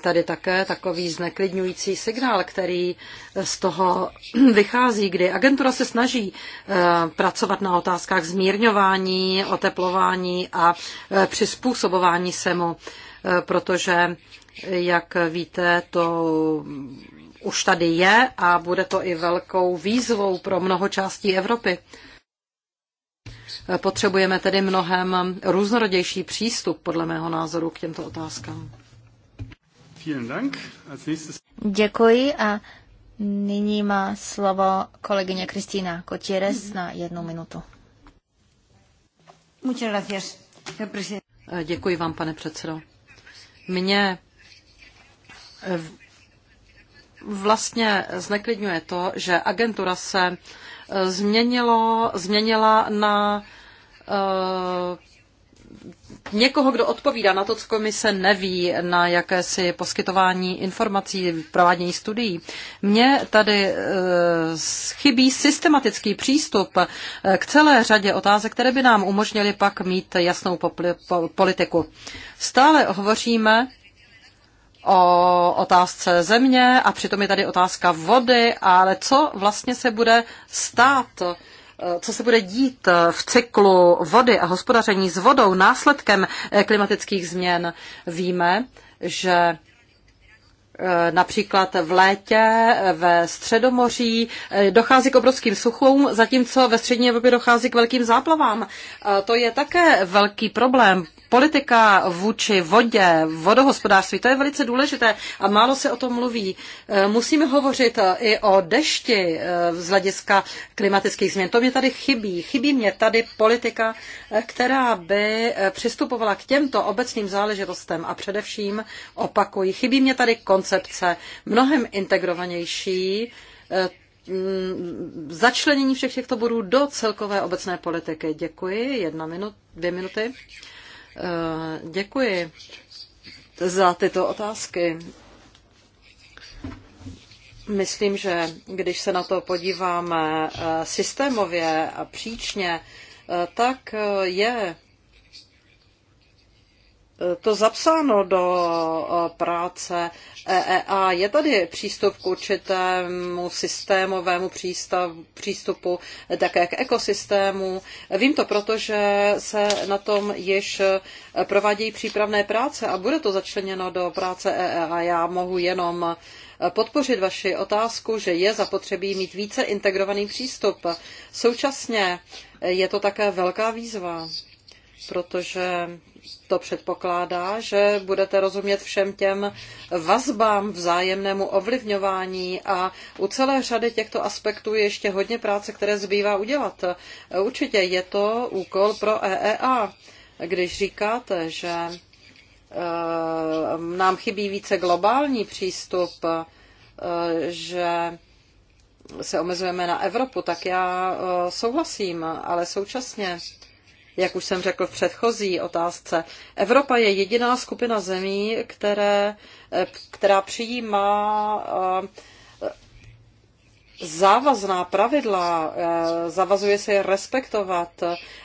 tady také takový zneklidňující signál, který z toho vychází, kdy agentura se snaží eh, pracovat na otázkách zmírňování, oteplování a eh, přizpůsobování se mu, eh, protože, jak víte, to už tady je a bude to i velkou výzvou pro mnoho částí Evropy. Potřebujeme tedy mnohem různorodější přístup, podle mého názoru, k těmto otázkám.
Děkuji a nyní má slovo kolegyně Kristýna Kotěres na jednu minutu.
Děkuji vám, pane předsedo. Mě vlastně zneklidňuje to, že agentura se změnilo, změnila na eh, někoho, kdo odpovídá na to, co komise neví, na jakési poskytování informací, provádění studií. Mně tady eh, chybí systematický přístup eh, k celé řadě otázek, které by nám umožnily pak mít jasnou politiku. Stále hovoříme o otázce země a přitom je tady otázka vody, ale co vlastně se bude stát, co se bude dít v cyklu vody a hospodaření s vodou následkem klimatických změn. Víme, že Eh, například v létě eh, ve Středomoří eh, dochází k obrovským suchům, zatímco ve střední Evropě dochází k velkým záplavám. To je také velký problém. Politika vůči vodě, vodohospodářství, to je velice důležité a málo se o tom mluví. Musíme hovořit i o dešti z hlediska klimatických změn. To mě tady chybí. Chybí mě tady politika, která by přistupovala k těmto obecným záležitostem a především opakují. Chybí mě tady kon koncepce mnohem integrovanější eh, mm, začlenění všech těchto bodů do celkové obecné politiky. Děkuji. Jedna minut, dvě minuty. Eh, děkuji za tyto otázky. Myslím, že když se na to podíváme eh, systémově a příčně, tak je to zapsáno do eh, práce EEA. Je tady přístup k určitému systémovému přístav, přístupu eh, také k ekosystému. Vím to, protože se na tom již eh, provádějí přípravné práce a bude to začleněno do práce EEA. Já mohu jenom podpořit vaši otázku, že je zapotřebí mít více integrovaný přístup. Současně je to také velká výzva, protože to předpokládá, že budete rozumět všem těm vazbám, vzájemnému ovlivňování a u celé řady těchto aspektů je ještě hodně práce, které zbývá udělat. Určitě je to úkol pro EEA, když říkáte, že eh, nám chybí více globální přístup, eh, že se omezujeme na Evropu, tak já eh, souhlasím, ale současně jak už jsem řekl v předchozí otázce, Evropa je jediná skupina zemí, které, která přijímá eh, závazná pravidla, eh, zavazuje se je respektovat.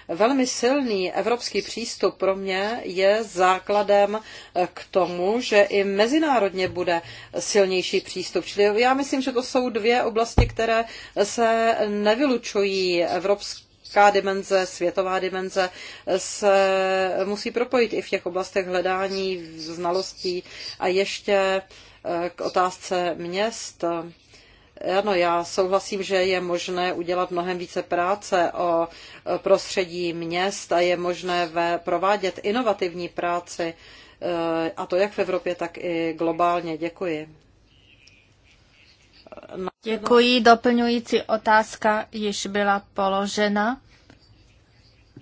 Velmi silný evropský přístup pro mě je základem eh, k tomu, že i mezinárodně bude silnější přístup. Čili já myslím, že to jsou dvě oblasti, které se nevylučují. Evropský lidská dimenze, světová dimenze se musí propojit i v těch oblastech hledání znalostí a ještě eh, k otázce měst. Ano, já souhlasím, že je možné udělat mnohem více práce o prostředí měst a je možné ve, provádět inovativní práci, eh, a to jak v Evropě, tak i globálně. Děkuji.
Děkuji. Doplňující otázka již byla položena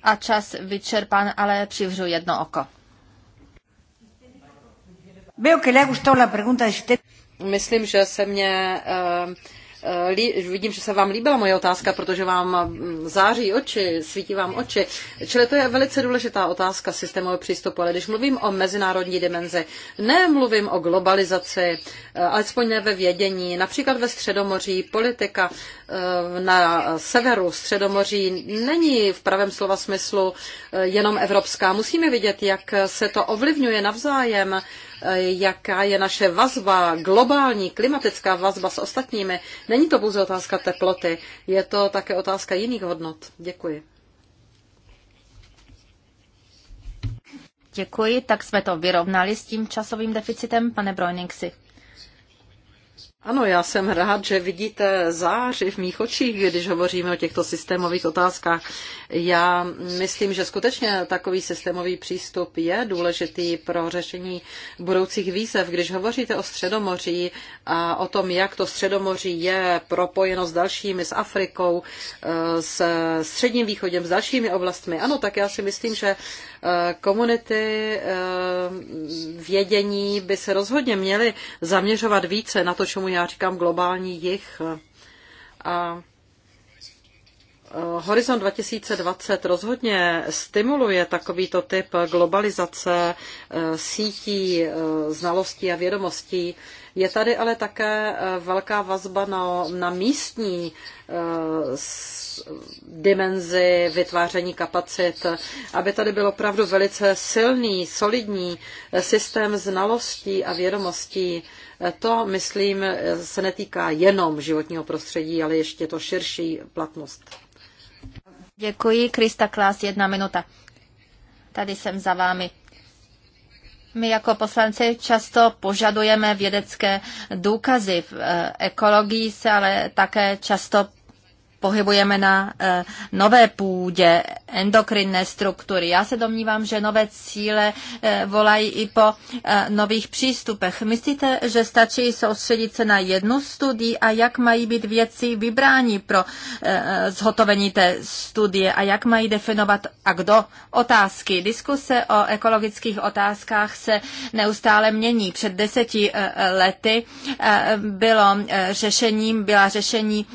a čas vyčerpán, ale přivřu jedno oko.
Myslím, že se mě uh, eh, Eh, vidím, že se vám líbila moje otázka, protože vám mm, září oči, svítí vám oči. Čili to je velice důležitá otázka systémového přístupu, ale když mluvím o mezinárodní dimenzi, nemluvím o globalizaci, eh, alespoň ne ve vědění. Například ve Středomoří politika eh, na severu Středomoří není v pravém slova smyslu jenom evropská. Musíme vidět, jak se to ovlivňuje navzájem Eh, jaká je naše vazba, globální klimatická vazba s ostatními. Není to pouze otázka teploty, je to také otázka jiných hodnot. Děkuji.
Děkuji, tak jsme to vyrovnali s tím časovým deficitem, pane Brojningsi.
Ano, já jsem rád, že vidíte záři v mých očích, když hovoříme o těchto systémových otázkách. Já myslím, že skutečně takový systémový přístup je důležitý pro řešení budoucích výzev. Když hovoříte o Středomoří a o tom, jak to Středomoří je propojeno s dalšími, s Afrikou, eh, s Středním východem, s dalšími oblastmi, ano, tak já si myslím, že eh, komunity eh, vědění by se rozhodně měly zaměřovat více na to, čemu já říkám globální jich. A e, Horizont 2020 rozhodně stimuluje takovýto typ globalizace e, sítí e, znalostí a vědomostí. Je tady ale také eh, velká vazba na, na místní eh, dimenzi vytváření kapacit, aby tady byl opravdu velice silný, solidní eh, systém znalostí a vědomostí. To, myslím, se netýká jenom životního prostředí, ale ještě to širší platnost.
Děkuji, Krista Klás, jedna minuta. Tady jsem za vámi. My jako poslanci často požadujeme vědecké důkazy. V eh, ekologii se ale také často pohybujeme na eh, nové půdě endokrinné struktury. Já se domnívám, že nové cíle eh, volají i po eh, nových přístupech. Myslíte, že stačí soustředit se na jednu studii a jak mají být věci vybrání pro zhotovení té studie a jak mají definovat a kdo otázky? Diskuse o ekologických otázkách se neustále mění. Před deseti lety bylo řešením, byla řešení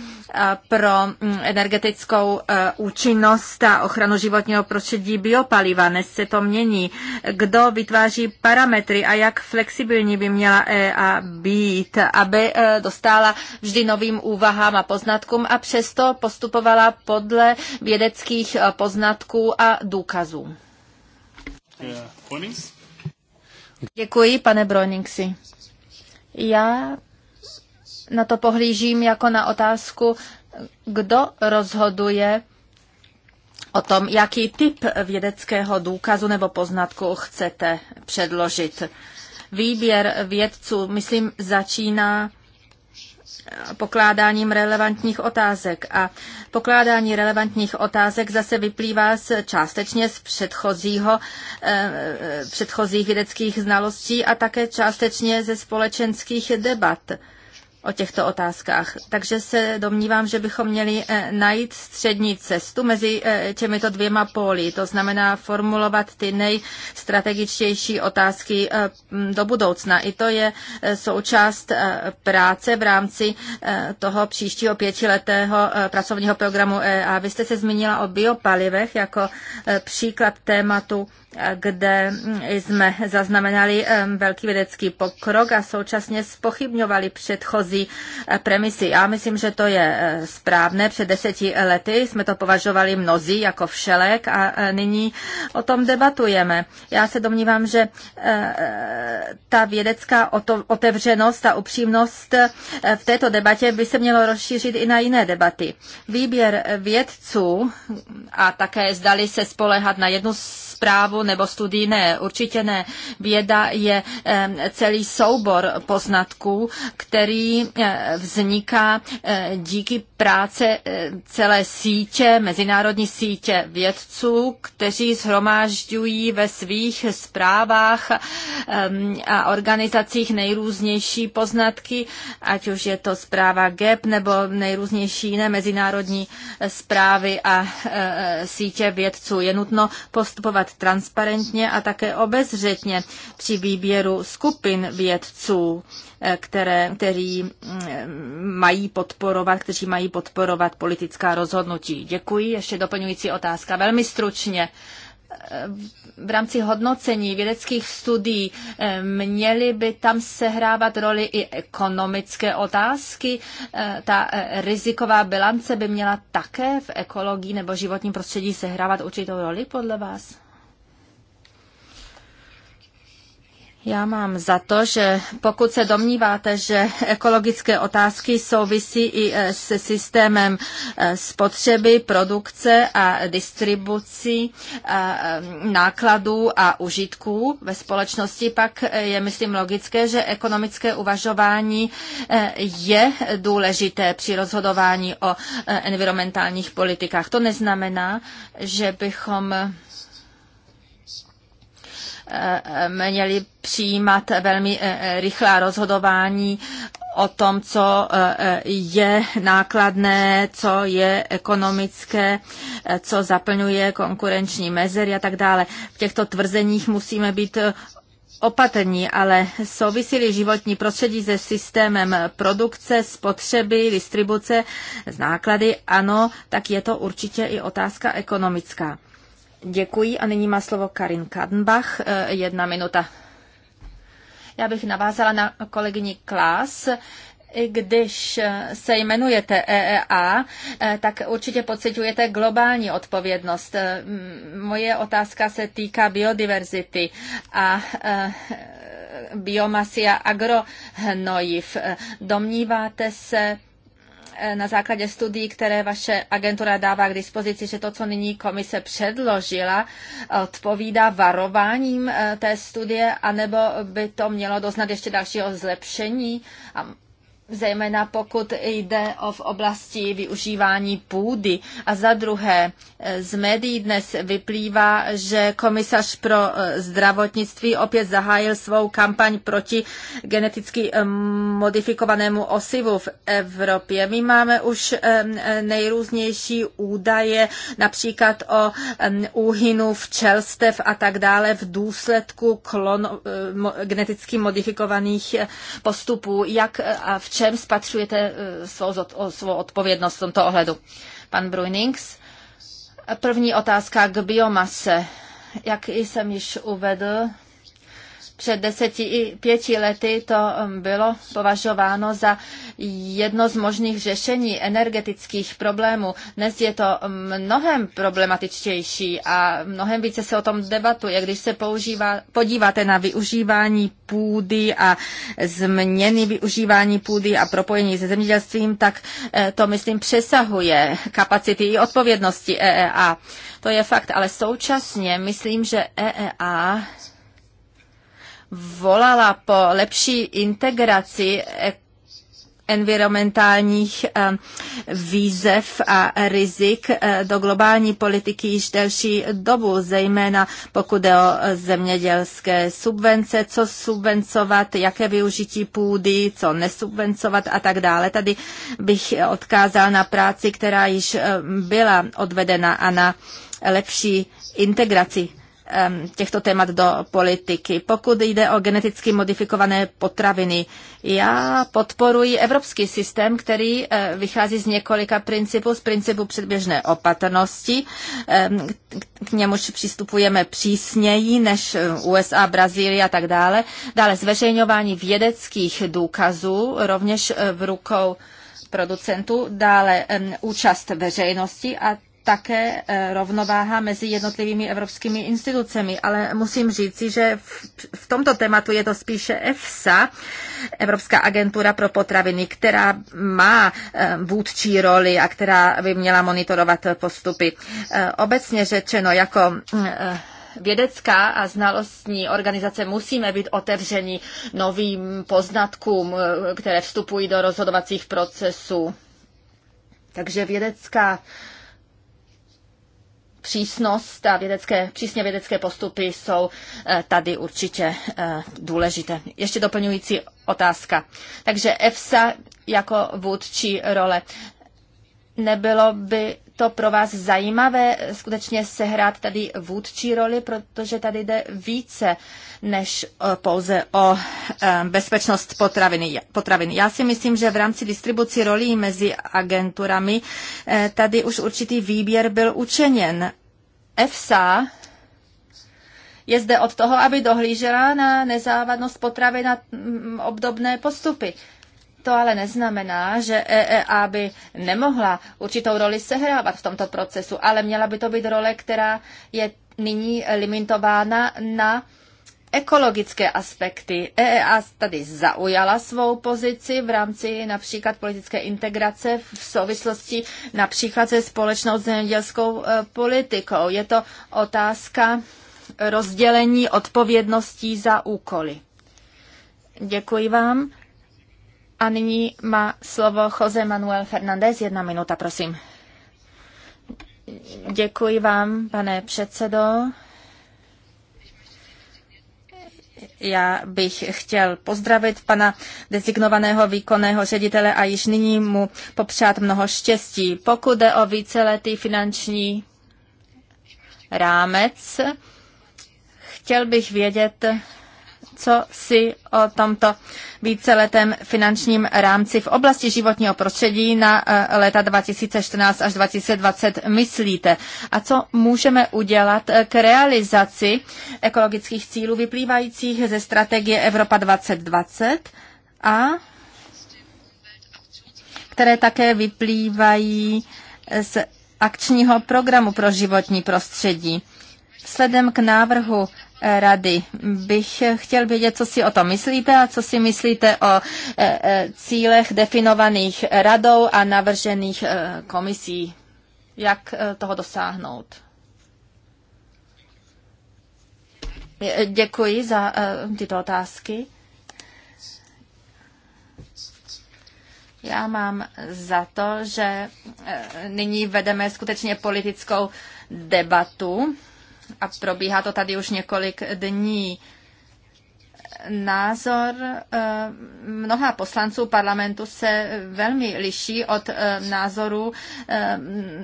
pro mm, energetickou e, účinnost a ochranu životního prostředí biopaliva. Dnes se to mění. Kdo vytváří parametry a jak flexibilní by měla EA být, aby e, dostala vždy novým úvahám a poznatkům a přesto postupovala podle vědeckých e, poznatků a důkazů. Děkuji, pane Broningsi. Já na to pohlížím jako na otázku, kdo rozhoduje o tom, jaký typ vědeckého důkazu nebo poznatku chcete předložit. Výběr vědců, myslím, začíná pokládáním relevantních otázek. A pokládání relevantních otázek zase vyplývá z, částečně z předchozího, eh, předchozích vědeckých znalostí a také částečně ze společenských debat o těchto otázkách. Takže se domnívám, že bychom měli eh, najít střední cestu mezi eh, těmito dvěma póly. To znamená formulovat ty nejstrategičtější otázky eh, do budoucna. I to je součást práce v rámci toho příštího pětiletého pracovního programu EA. Vy jste se zmínila o biopalivech jako příklad tématu kde jsme zaznamenali velký vědecký pokrok a současně spochybňovali předchozí eh, premisy. Já myslím, že to je eh, správné. Před deseti lety jsme to považovali mnozí jako všelek a eh, nyní o tom debatujeme. Já se domnívám, že ta vědecká otevřenost a upřímnost v této debatě by se mělo rozšířit i na jiné debaty. Výběr vědců a také zdali se spolehat na jednu zprávu nebo studií ne. Určitě ne. Věda je celý soubor poznatků, který eh, vzniká eh, díky práce eh, celé sítě, mezinárodní sítě vědců, kteří zhromážďují ve svých zprávách a organizacích nejrůznější poznatky, ať už je to zpráva GEP nebo nejrůznější jiné mezinárodní zprávy a sítě vědců. Je nutno postupovat transparentně transparentně a také obezřetně při výběru skupin vědců, eh, které, kteří mm, mají podporovat, kteří mají podporovat politická rozhodnutí. Děkuji. Ještě doplňující otázka. Velmi stručně eh, v rámci hodnocení vědeckých studií eh, měly by tam sehrávat roli i ekonomické otázky. Ta riziková bilance by měla také v ekologii nebo životním prostředí sehrávat určitou roli podle vás? Já mám za to, že pokud se domníváte, že ekologické otázky souvisí i e, se systémem e, spotřeby, produkce a distribucí e, nákladů a užitků ve společnosti, pak je, myslím, logické, že ekonomické uvažování je důležité při rozhodování o environmentálních politikách. To neznamená, že bychom měli přijímat velmi eh, rychlá rozhodování o tom, co eh, je nákladné, co je ekonomické, eh, co zaplňuje konkurenční mezery a tak dále. V těchto tvrzeních musíme být opatrní, ale souvisí životní prostředí se systémem produkce, spotřeby, distribuce, z náklady, ano, tak je to určitě i otázka ekonomická. Děkuji a nyní má slovo Karin Kadenbach. Eh, jedna minuta. Já bych navázala na kolegyni Klas. I když eh, se jmenujete EEA, eh, tak určitě pociťujete globální odpovědnost. Moje otázka se týká biodiverzity a biomasy a agrohnojiv. Domníváte se, na základě studií, které vaše agentura dává k dispozici, že to, co nyní komise předložila, odpovídá varováním eh, té studie, anebo by to mělo doznat ještě dalšího zlepšení a zejména pokud jde o v oblasti využívání půdy. A za druhé, eh, z médií dnes vyplývá, že komisař pro eh, zdravotnictví opět zahájil svou kampaň proti geneticky eh, modifikovanému osivu v Evropě. My máme už nejrůznější údaje, například o úhynu včelstev a tak dále v důsledku klon, geneticky modifikovaných postupů, jak a včel čem spatřujete eh, svou, svou odpovědnost v tomto ohledu? Pan Brunings. První otázka k biomase. Jak jsem již uvedl, před deseti i pěti lety to um, bylo považováno za jedno z možných řešení energetických problémů. Dnes je to um, mnohem problematičtější a mnohem více se o tom debatuje. Když se používá, podíváte na využívání půdy a změny využívání půdy a propojení se zemědělstvím, tak eh, to, myslím, přesahuje kapacity i odpovědnosti EEA. To je fakt, ale současně myslím, že EEA volala po lepší integraci environmentálních eh, výzev a rizik eh, do globální politiky již delší dobu, zejména pokud jde o eh, zemědělské subvence, co subvencovat, jaké využití půdy, co nesubvencovat a tak dále. Tady bych odkázal na práci, která již byla odvedena a na lepší integraci těchto témat do politiky. Pokud jde o geneticky modifikované potraviny, já podporuji evropský systém, který eh, vychází z několika principů, z principu předběžné opatrnosti, k němuž přistupujeme přísněji než eh, USA, Brazílie a tak dále. Dále zveřejňování vědeckých důkazů, rovněž eh, v rukou producentů, dále účast veřejnosti a také eh, rovnováha mezi jednotlivými evropskými institucemi, ale musím říci, že v tomto tématu je to spíše EFSA, Evropská agentura pro potraviny, která má eh, vůdčí roli a která by měla monitorovat postupy. Eh, obecně řečeno jako vědecká a znalostní organizace musíme být otevřeni novým poznatkům, které vstupují do rozhodovacích procesů. Takže vědecká přísnost a vědecké, přísně vědecké postupy jsou eh, tady určitě eh, důležité. Ještě doplňující otázka. Takže EFSA jako vůdčí role. Nebylo by to pro vás zajímavé skutečně sehrát tady vůdčí roli, protože tady jde více než eh, pouze o eh, bezpečnost potraviny. potraviny. Já si myslím, že v rámci distribuci rolí mezi agenturami eh, tady už určitý výběr byl učeněn. EFSA je zde od toho, aby dohlížela na nezávadnost potravy na mm, obdobné postupy. To ale neznamená, že EEA by nemohla určitou roli sehrávat v tomto procesu, ale měla by to být role, která je nyní limitována na ekologické aspekty. EEA tady zaujala svou pozici v rámci například politické integrace v souvislosti například se společnou zemědělskou e, politikou. Je to otázka rozdělení odpovědností za úkoly. Děkuji vám. A nyní má slovo Jose Manuel Fernández. Jedna minuta, prosím. Děkuji vám, pane předsedo. Já bych chtěl pozdravit pana designovaného výkonného ředitele a již nyní mu popřát mnoho štěstí. Pokud jde o víceletý finanční rámec, chtěl bych vědět, co si o tomto víceletém finančním rámci v oblasti životního prostředí na eh, léta 2014 až 2020 myslíte a co můžeme udělat eh, k realizaci ekologických cílů vyplývajících ze strategie Evropa 2020 a které také vyplývají z akčního programu pro životní prostředí. Sledem k návrhu rady. Bych chtěl vědět, co si o tom myslíte a co si myslíte o e, e, cílech definovaných radou a navržených e, komisí. Jak toho dosáhnout? Děkuji za tyto otázky. Já mám za to, že nyní vedeme skutečně politickou debatu a probíhá to tady už několik dní. Názor eh, mnoha poslanců parlamentu se velmi liší od eh, názoru eh,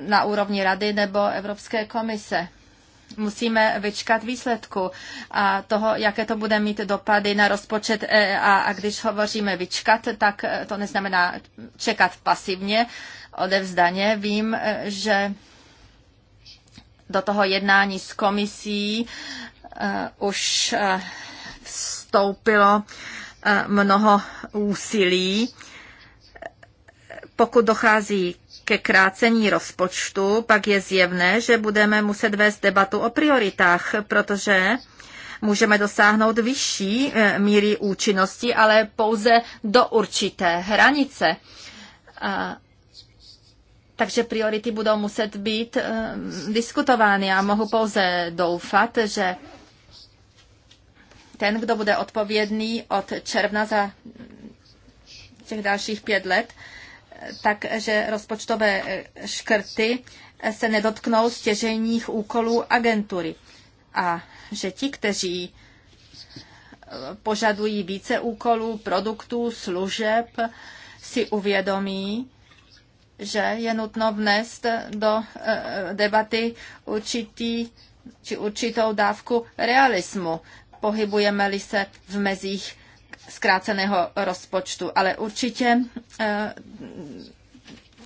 na úrovni Rady nebo Evropské komise musíme vyčkat výsledku a toho, jaké to bude mít dopady na rozpočet. E a, a když hovoříme vyčkat, tak to neznamená čekat pasivně, odevzdaně. Vím, že do toho jednání s komisí eh, už eh, vstoupilo eh, mnoho úsilí. Pokud dochází ke krácení rozpočtu, pak je zjevné, že budeme muset vést debatu o prioritách, protože můžeme dosáhnout vyšší míry účinnosti, ale pouze do určité hranice takže priority budou muset být eh, diskutovány. Já mohu pouze doufat, že ten, kdo bude odpovědný od června za těch dalších pět let, takže rozpočtové eh, škrty eh, se nedotknou stěžejních úkolů agentury. A že ti, kteří požadují více úkolů, produktů, služeb, si uvědomí, že je nutno vnést do eh, debaty určitý, či určitou dávku realismu. Pohybujeme-li se v mezích zkráceného rozpočtu, ale určitě eh,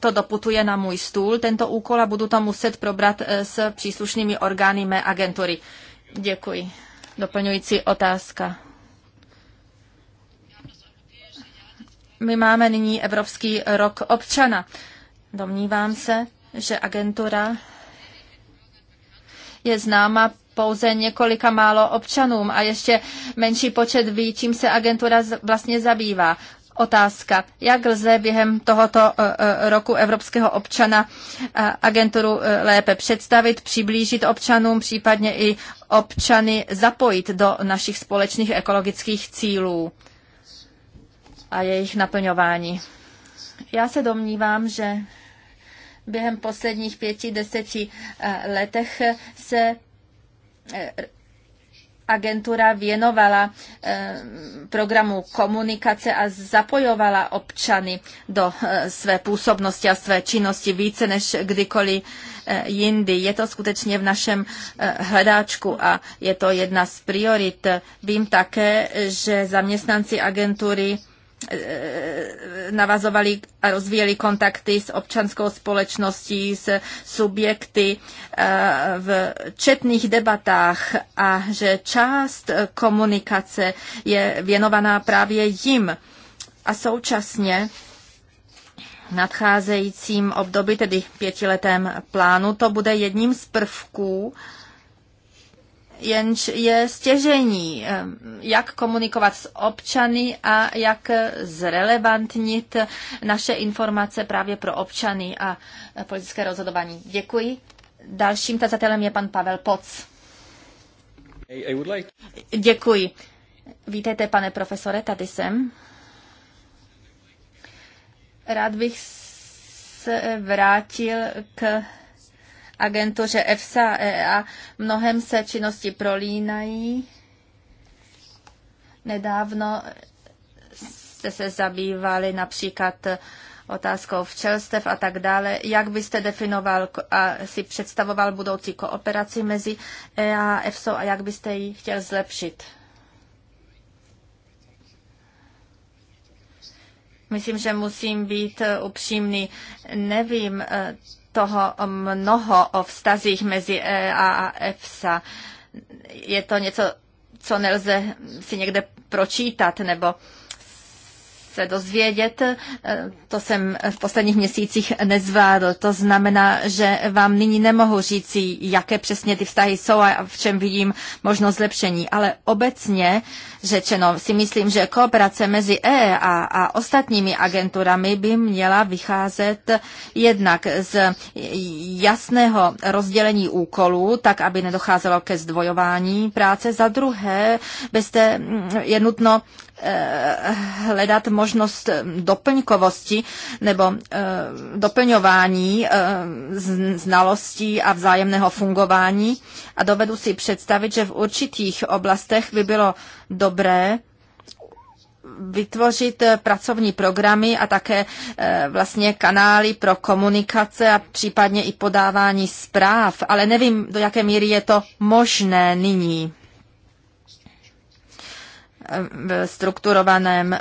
to doputuje na můj stůl, tento úkol a budu to muset probrat eh, s příslušnými orgány mé agentury. Děkuji. Doplňující otázka. My máme nyní Evropský rok občana. Domnívám se, že agentura je známa pouze několika málo občanům a ještě menší počet ví, čím se agentura vlastně zabývá. Otázka, jak lze během tohoto eh, eh, roku evropského občana eh, agenturu lépe představit, přiblížit občanům, případně i občany zapojit do našich společných ekologických cílů a jejich naplňování. Já se domnívám, že během posledních pěti, deseti eh, letech se eh, agentura věnovala eh, programu komunikace a zapojovala občany do své působnosti a své činnosti více než kdykoliv jindy. Je to skutečně v našem hledáčku a je to jedna z priorit. Vím také, že zaměstnanci agentury Eh, navazovali a rozvíjeli kontakty s občanskou společností, s subjekty eh, v četných debatách a že část komunikace je věnovaná právě jim. A současně nadcházejícím období, tedy pětiletém plánu, to bude jedním z prvků, jenž je stěžení, eh, jak komunikovat s občany a jak zrelevantnit naše informace právě pro občany a politické rozhodování. Děkuji. Dalším tazatelem je pan Pavel Poc. Děkuji. Vítejte, pane profesore, tady jsem. Rád bych se vrátil k agentuře EFSA e e a mnohem se činnosti prolínají. Nedávno jste se zabývali například otázkou včelstev a tak dále. Jak byste definoval a si představoval budoucí kooperaci mezi EA a EFSO a jak byste ji chtěl zlepšit? Myslím, že musím být upřímný. Nevím, eh, toho mnoho o vztazích mezi EA a EFSA. E Je to něco, co nelze si někde pročítat nebo se dozvědět. Eh, to jsem v posledních měsících nezvládl. To znamená, že vám nyní nemohu říci, jaké přesně ty vztahy jsou a v čem vidím možnost zlepšení. Ale obecně řečeno si myslím, že kooperace mezi E a, a ostatními agenturami by měla vycházet jednak z jasného rozdělení úkolů, tak aby nedocházelo ke zdvojování práce. Za druhé, bez té mm, je nutno Eh, hledat možnost doplňkovosti nebo eh, doplňování eh, znalostí a vzájemného fungování a dovedu si představit, že v určitých oblastech by bylo dobré vytvořit pracovní programy a také vlastně kanály pro komunikace a případně i podávání zpráv, ale nevím, do jaké míry je to možné nyní v strukturovaném eh,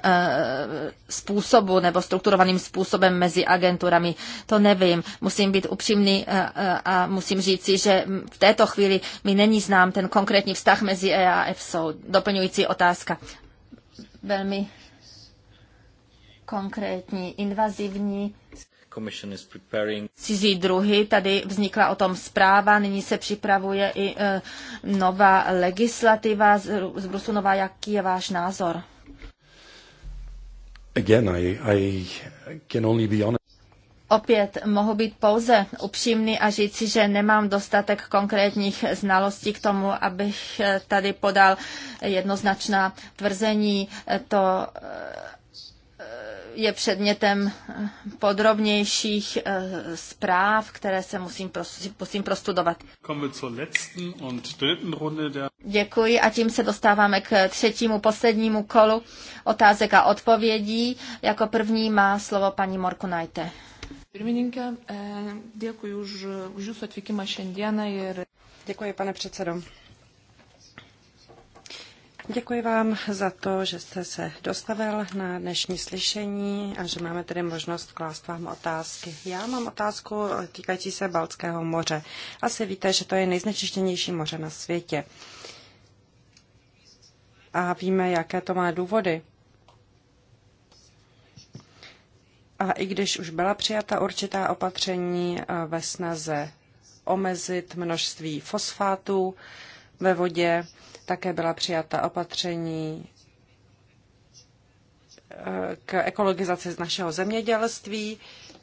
způsobu nebo strukturovaným způsobem mezi agenturami. To nevím. Musím být upřímný eh, eh, a musím říci, že v této chvíli mi není znám ten konkrétní vztah mezi EA a EFSO. Doplňující otázka. Velmi konkrétní, invazivní Cizí druhy, tady vznikla o tom zpráva, nyní se připravuje i e, nová legislativa z nová, Jaký je váš názor?
Again, I, I can only be honest.
Opět mohu být pouze upřímný a říci, že nemám dostatek konkrétních znalostí k tomu, abych e, tady podal jednoznačná tvrzení. E, to je předmětem eh, podrobnějších eh, zpráv, které se musím, musím prostudovat. Děkuji a tím se dostáváme k třetímu, poslednímu kolu otázek a odpovědí. Jako první má slovo paní Morku Najte. Eh,
děkuji, pane předsedo. Děkuji vám za to, že jste se dostavil na dnešní slyšení a že máme tedy možnost klást vám otázky. Já mám otázku týkající se Balckého moře. Asi víte, že to je nejznečištěnější moře na světě. A víme, jaké to má důvody. A i když už byla přijata určitá opatření eh, ve snaze omezit množství fosfátů ve vodě, také byla přijata opatření eh, k ekologizaci z našeho zemědělství.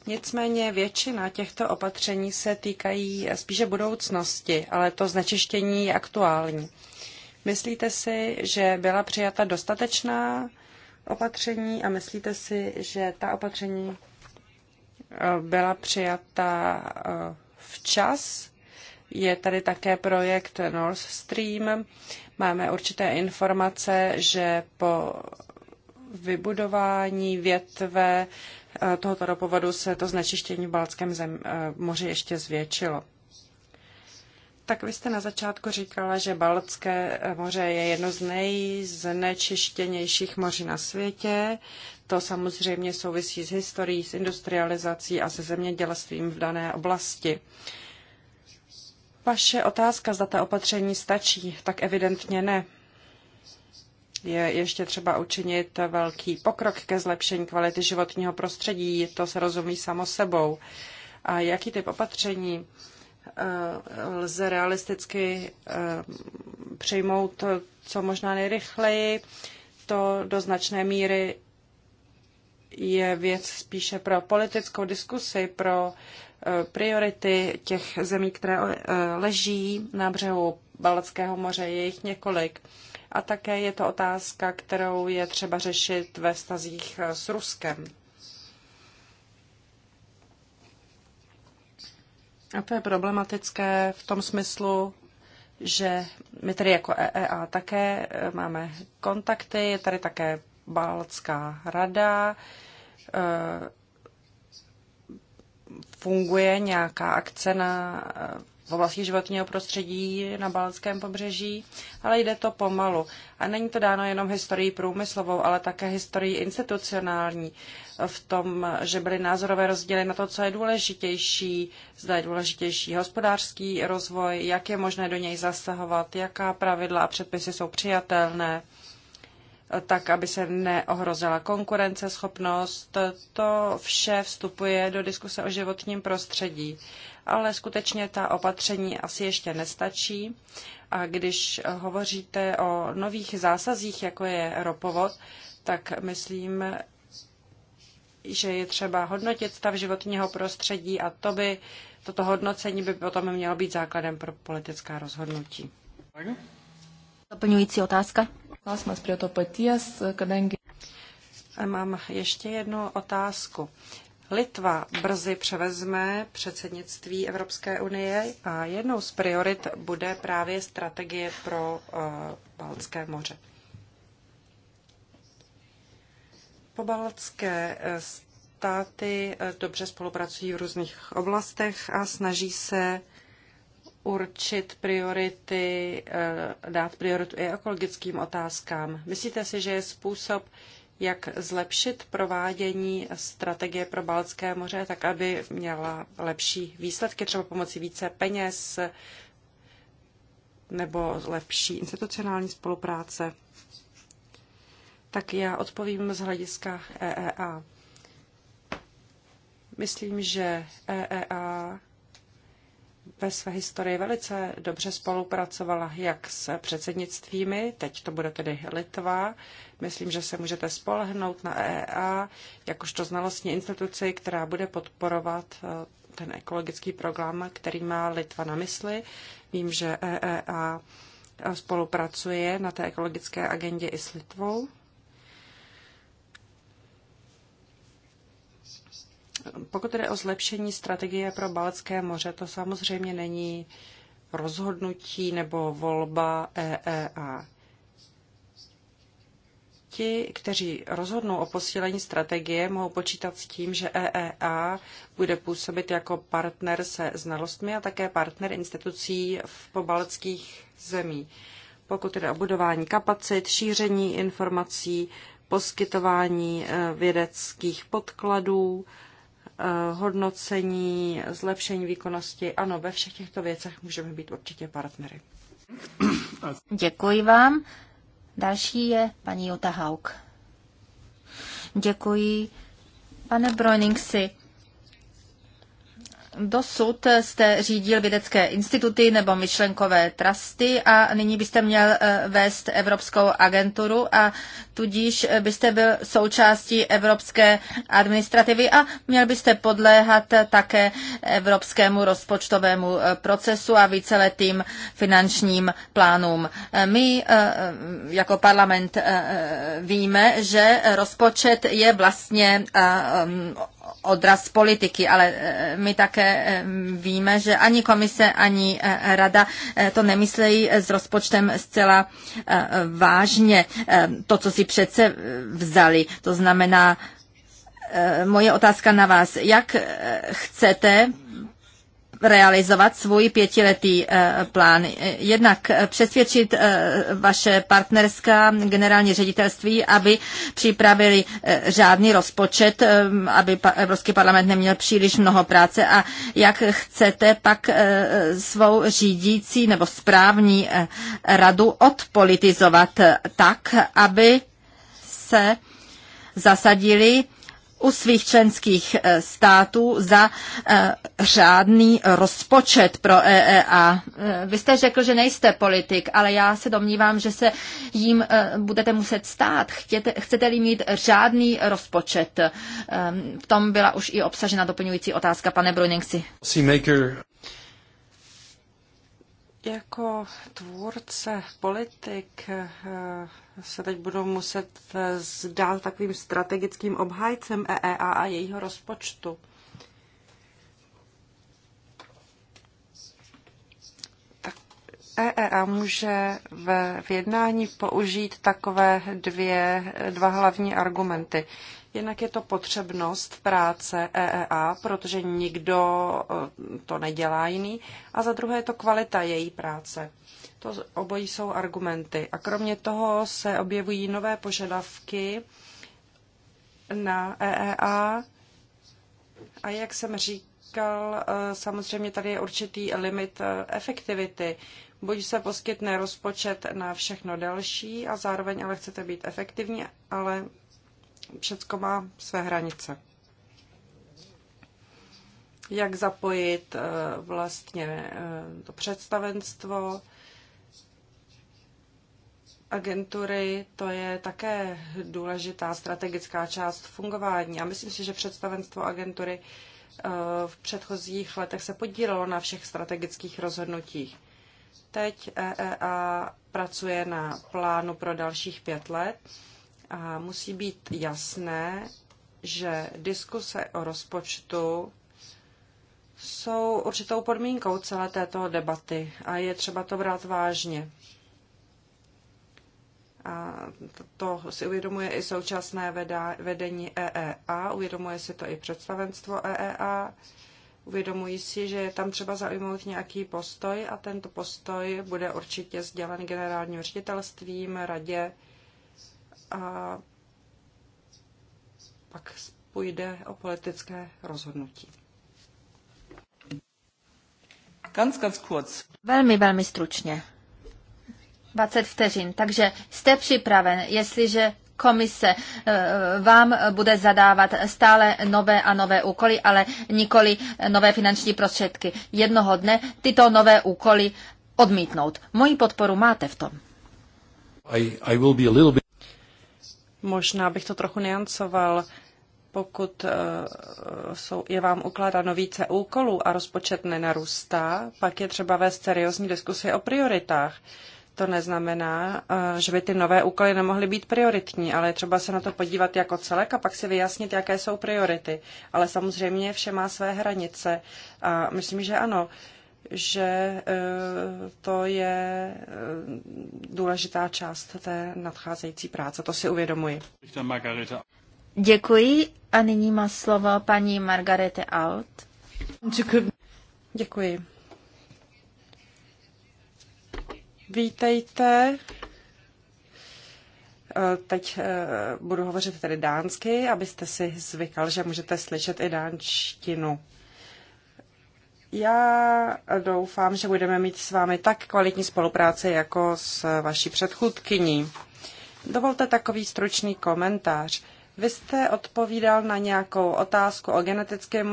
Nicméně většina těchto opatření se týkají spíše budoucnosti, ale to znečištění je aktuální. Myslíte si, že byla přijata dostatečná opatření a myslíte si, že ta opatření eh, byla přijata eh, včas je tady také projekt Nord Stream. Máme určité informace, že po vybudování větve eh, tohoto ropovodu se to znečištění v Balckém zem, eh, moři ještě zvětšilo. Tak vy jste na začátku říkala, že Balcké eh, moře je jedno z nejznečištěnějších moří na světě. To samozřejmě souvisí s historií, s industrializací a se zemědělstvím v dané oblasti. Uh, vaše otázka, zda ta opatření stačí, tak evidentně ne. Je ještě třeba učinit velký pokrok ke zlepšení kvality životního prostředí, to se rozumí samo sebou. A jaký typ opatření eh, lze realisticky eh, přijmout co možná nejrychleji, to do značné míry je věc spíše pro politickou diskusi, pro eh, priority těch zemí, které eh, leží na břehu Balackého moře, je jich několik. A také je to otázka, kterou je třeba řešit ve stazích eh, s Ruskem. A to je problematické v tom smyslu, že my tady jako EEA také máme kontakty, je tady také Baltská rada, eh, funguje nějaká akce na, eh, v oblasti životního prostředí na Balckém pobřeží, ale jde to pomalu. A není to dáno jenom historií průmyslovou, ale také historií institucionální v tom, že byly názorové rozdíly na to, co je důležitější, zda je důležitější hospodářský rozvoj, jak je možné do něj zasahovat, jaká pravidla a předpisy jsou přijatelné tak aby se neohrozila konkurenceschopnost. To vše vstupuje do diskuse o životním prostředí. Ale skutečně ta opatření asi ještě nestačí. A když hovoříte o nových zásazích, jako je ropovod, tak myslím, že je třeba hodnotit stav životního prostředí a to by, toto hodnocení by potom mělo být základem pro politická rozhodnutí.
Doplňující otázka. Klausimas prie to paties, kadangi. Mám ještě jednu
otázku. Litva brzy převezme předsednictví Evropské unie a jednou z priorit bude právě strategie pro uh, Baltské moře. Pobaltské eh, státy eh, dobře spolupracují v různých oblastech a snaží se určit priority, eh, dát prioritu i ekologickým otázkám. Myslíte si, že je způsob, jak zlepšit provádění strategie pro Baltské moře, tak aby měla lepší výsledky, třeba pomocí více peněz nebo lepší institucionální spolupráce? Tak já odpovím z hlediska EEA. Myslím, že EEA ve své historii velice dobře spolupracovala jak s předsednictvími, teď to bude tedy Litva. Myslím, že se můžete spolehnout na EEA, jakožto znalostní instituci, která bude podporovat eh, ten ekologický program, který má Litva na mysli. Vím, že EEA eh, spolupracuje na té ekologické agendě i s Litvou. Pokud jde o zlepšení strategie pro Balecké moře, to samozřejmě není rozhodnutí nebo volba EEA. Ti, kteří rozhodnou o posílení strategie, mohou počítat s tím, že EEA bude působit jako partner se znalostmi a také partner institucí v pobaleckých zemí. Pokud jde o budování kapacit, šíření informací, poskytování eh, vědeckých podkladů, Eh, hodnocení, zlepšení výkonnosti. Ano,
ve všech těchto věcech můžeme být určitě partnery. Děkuji vám. Další je paní Jota Hauk. Děkuji. Pane Brojningsi, Dosud jste řídil vědecké instituty nebo myšlenkové trusty a nyní byste měl eh, vést Evropskou agenturu a tudíž byste byl součástí evropské administrativy a měl byste podléhat také evropskému rozpočtovému eh, procesu a víceletým finančním plánům. Eh, my jako parlament víme, že rozpočet je vlastně odraz politiky, ale eh, my také eh, víme, že ani komise, ani eh, rada to nemyslejí s rozpočtem zcela vážně to, co si přece vzali. To znamená, moje otázka na vás, jak chcete realizovat svůj pětiletý eh, plán. Jednak eh, přesvědčit eh, vaše partnerská generální ředitelství, aby připravili řádný rozpočet, aby Evropský parlament neměl příliš mnoho práce a jak chcete pak svou řídící nebo správní radu odpolitizovat tak, aby se zasadili u svých členských eh, států za eh, řádný rozpočet pro EEA. Eh, vy jste řekl, že nejste politik, ale já se domnívám, že se jim budete muset stát. chcete-li mít řádný rozpočet? V tom byla už i obsažena doplňující otázka, pane Bruningsi. Jako tvůrce politik eh,
se teď budu muset eh, zdát takovým strategickým obhájcem EEA a jejího rozpočtu. Tak EEA může v jednání použít takové dvě, dva hlavní argumenty. Jinak je to potřebnost práce EEA, protože nikdo eh, to nedělá jiný. A za druhé je to kvalita její práce. To obojí jsou argumenty. A kromě toho se objevují nové požadavky na EEA. A jak jsem říkal, eh, samozřejmě tady je určitý limit eh, efektivity. Buď se poskytne rozpočet na všechno další a zároveň ale chcete být efektivní, ale všecko má své hranice. Jak zapojit eh, vlastně eh, to představenstvo, agentury, to je také důležitá strategická část fungování. A myslím si, že představenstvo agentury eh, v předchozích letech se podílelo na všech strategických rozhodnutích. Teď EEA pracuje na plánu pro dalších pět let a musí být jasné, že diskuse o rozpočtu jsou určitou podmínkou celé této debaty a je třeba to brát vážně. A to si uvědomuje i současné vedení EEA, uvědomuje si to i představenstvo EEA, uvědomují si, že je tam třeba zaujmout nějaký postoj a tento postoj bude určitě sdělen generálním ředitelstvím, radě a pak půjde o politické rozhodnutí.
Ganz, ganz kurz. Velmi, velmi stručně. 20 vteřin. Takže jste připraven, jestliže komise eh, vám bude zadávat stále nové a nové úkoly, ale nikoli nové finanční prostředky. Jednoho dne tyto nové úkoly odmítnout. Moji podporu máte v tom.
I, I will be a little bit...
Možná bych to trochu niancoval.
Pokud eh, jsou, je vám ukládáno více úkolů a rozpočet nenarůstá, pak je třeba vést seriózní diskusy o prioritách. To neznamená, eh, že by ty nové úkoly nemohly být prioritní, ale je třeba se na to podívat jako celek a pak si vyjasnit, jaké jsou priority. Ale samozřejmě vše má své hranice a myslím, že ano. Uh, že eh, to je eh, důležitá část té nadcházející práce. To si uvědomuji.
Děkuji a nyní má slovo paní Margarete Alt. Děkuji. Vítejte.
Eh, teď budu hovořit tedy dánsky, abyste si zvykal, že můžete slyšet i dánštinu. Já doufám, že budeme mít s vámi tak kvalitní spolupráci jako s vaší předchůdkyní. Dovolte takový stručný komentář. Vy jste odpovídal na nějakou otázku o geneticky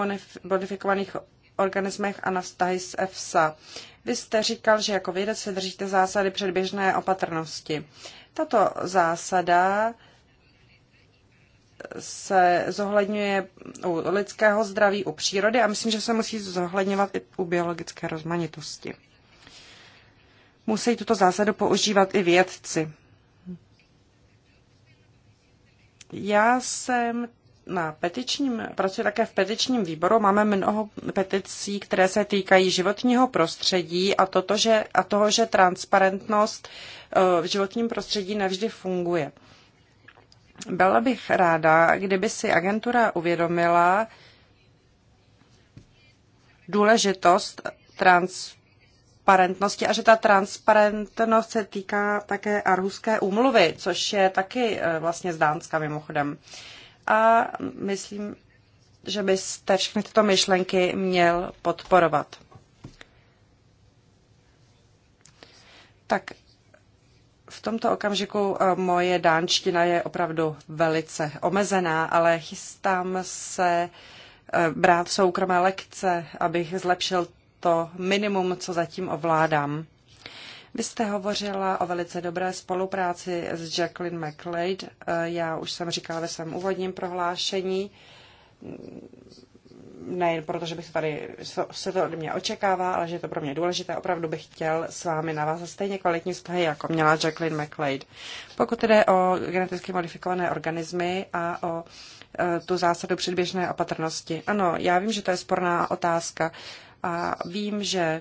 modifikovaných organismech a na vztahy s EFSA. Vy jste říkal, že jako vědec se držíte zásady předběžné opatrnosti. Tato zásada se zohledňuje u lidského zdraví, u přírody a myslím, že se musí zohledňovat i u biologické rozmanitosti. Musí tuto zásadu používat i vědci. Já jsem na petičním, pracuji také v petičním výboru, máme mnoho peticí, které se týkají životního prostředí a, toto, že, a toho, že transparentnost eh, v životním prostředí nevždy funguje. Byla bych ráda, kdyby si agentura uvědomila důležitost transparentnosti a že ta transparentnost se týká také Arhuské úmluvy, což je taky eh, vlastně z Dánska mimochodem. A myslím, že byste všechny tyto myšlenky měl podporovat. Tak v tomto okamžiku eh, moje dánština je opravdu velice omezená, ale chystám se eh, brát soukromé lekce, abych zlepšil to minimum, co zatím ovládám. Vy jste hovořila o velice dobré spolupráci s Jacqueline McLeod. Eh, já už jsem říkala ve svém úvodním prohlášení, nejen proto, že bych tady, se to od mě očekává, ale že je to pro mě důležité. Opravdu bych chtěl s vámi navázat stejně kvalitní vztahy, jako měla Jacqueline McLeod. Pokud jde o geneticky modifikované organismy a o e, tu zásadu předběžné opatrnosti. Ano, já vím, že to je sporná otázka a vím, že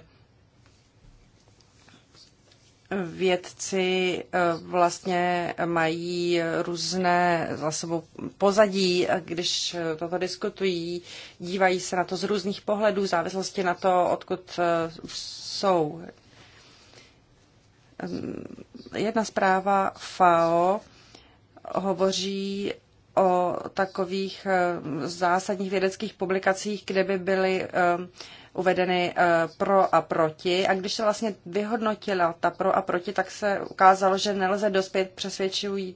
vědci eh, vlastně mají různé za sebou pozadí, když eh, toto diskutují, dívají se na to z různých pohledů, v závislosti na to, odkud eh, jsou. Ehm, jedna zpráva FAO hovoří o takových zásadních vědeckých publikacích, kde by byly ehm, uvedeny eh, pro a proti. A když se vlastně vyhodnotila ta pro a proti, tak se ukázalo, že nelze dospět přesvědčují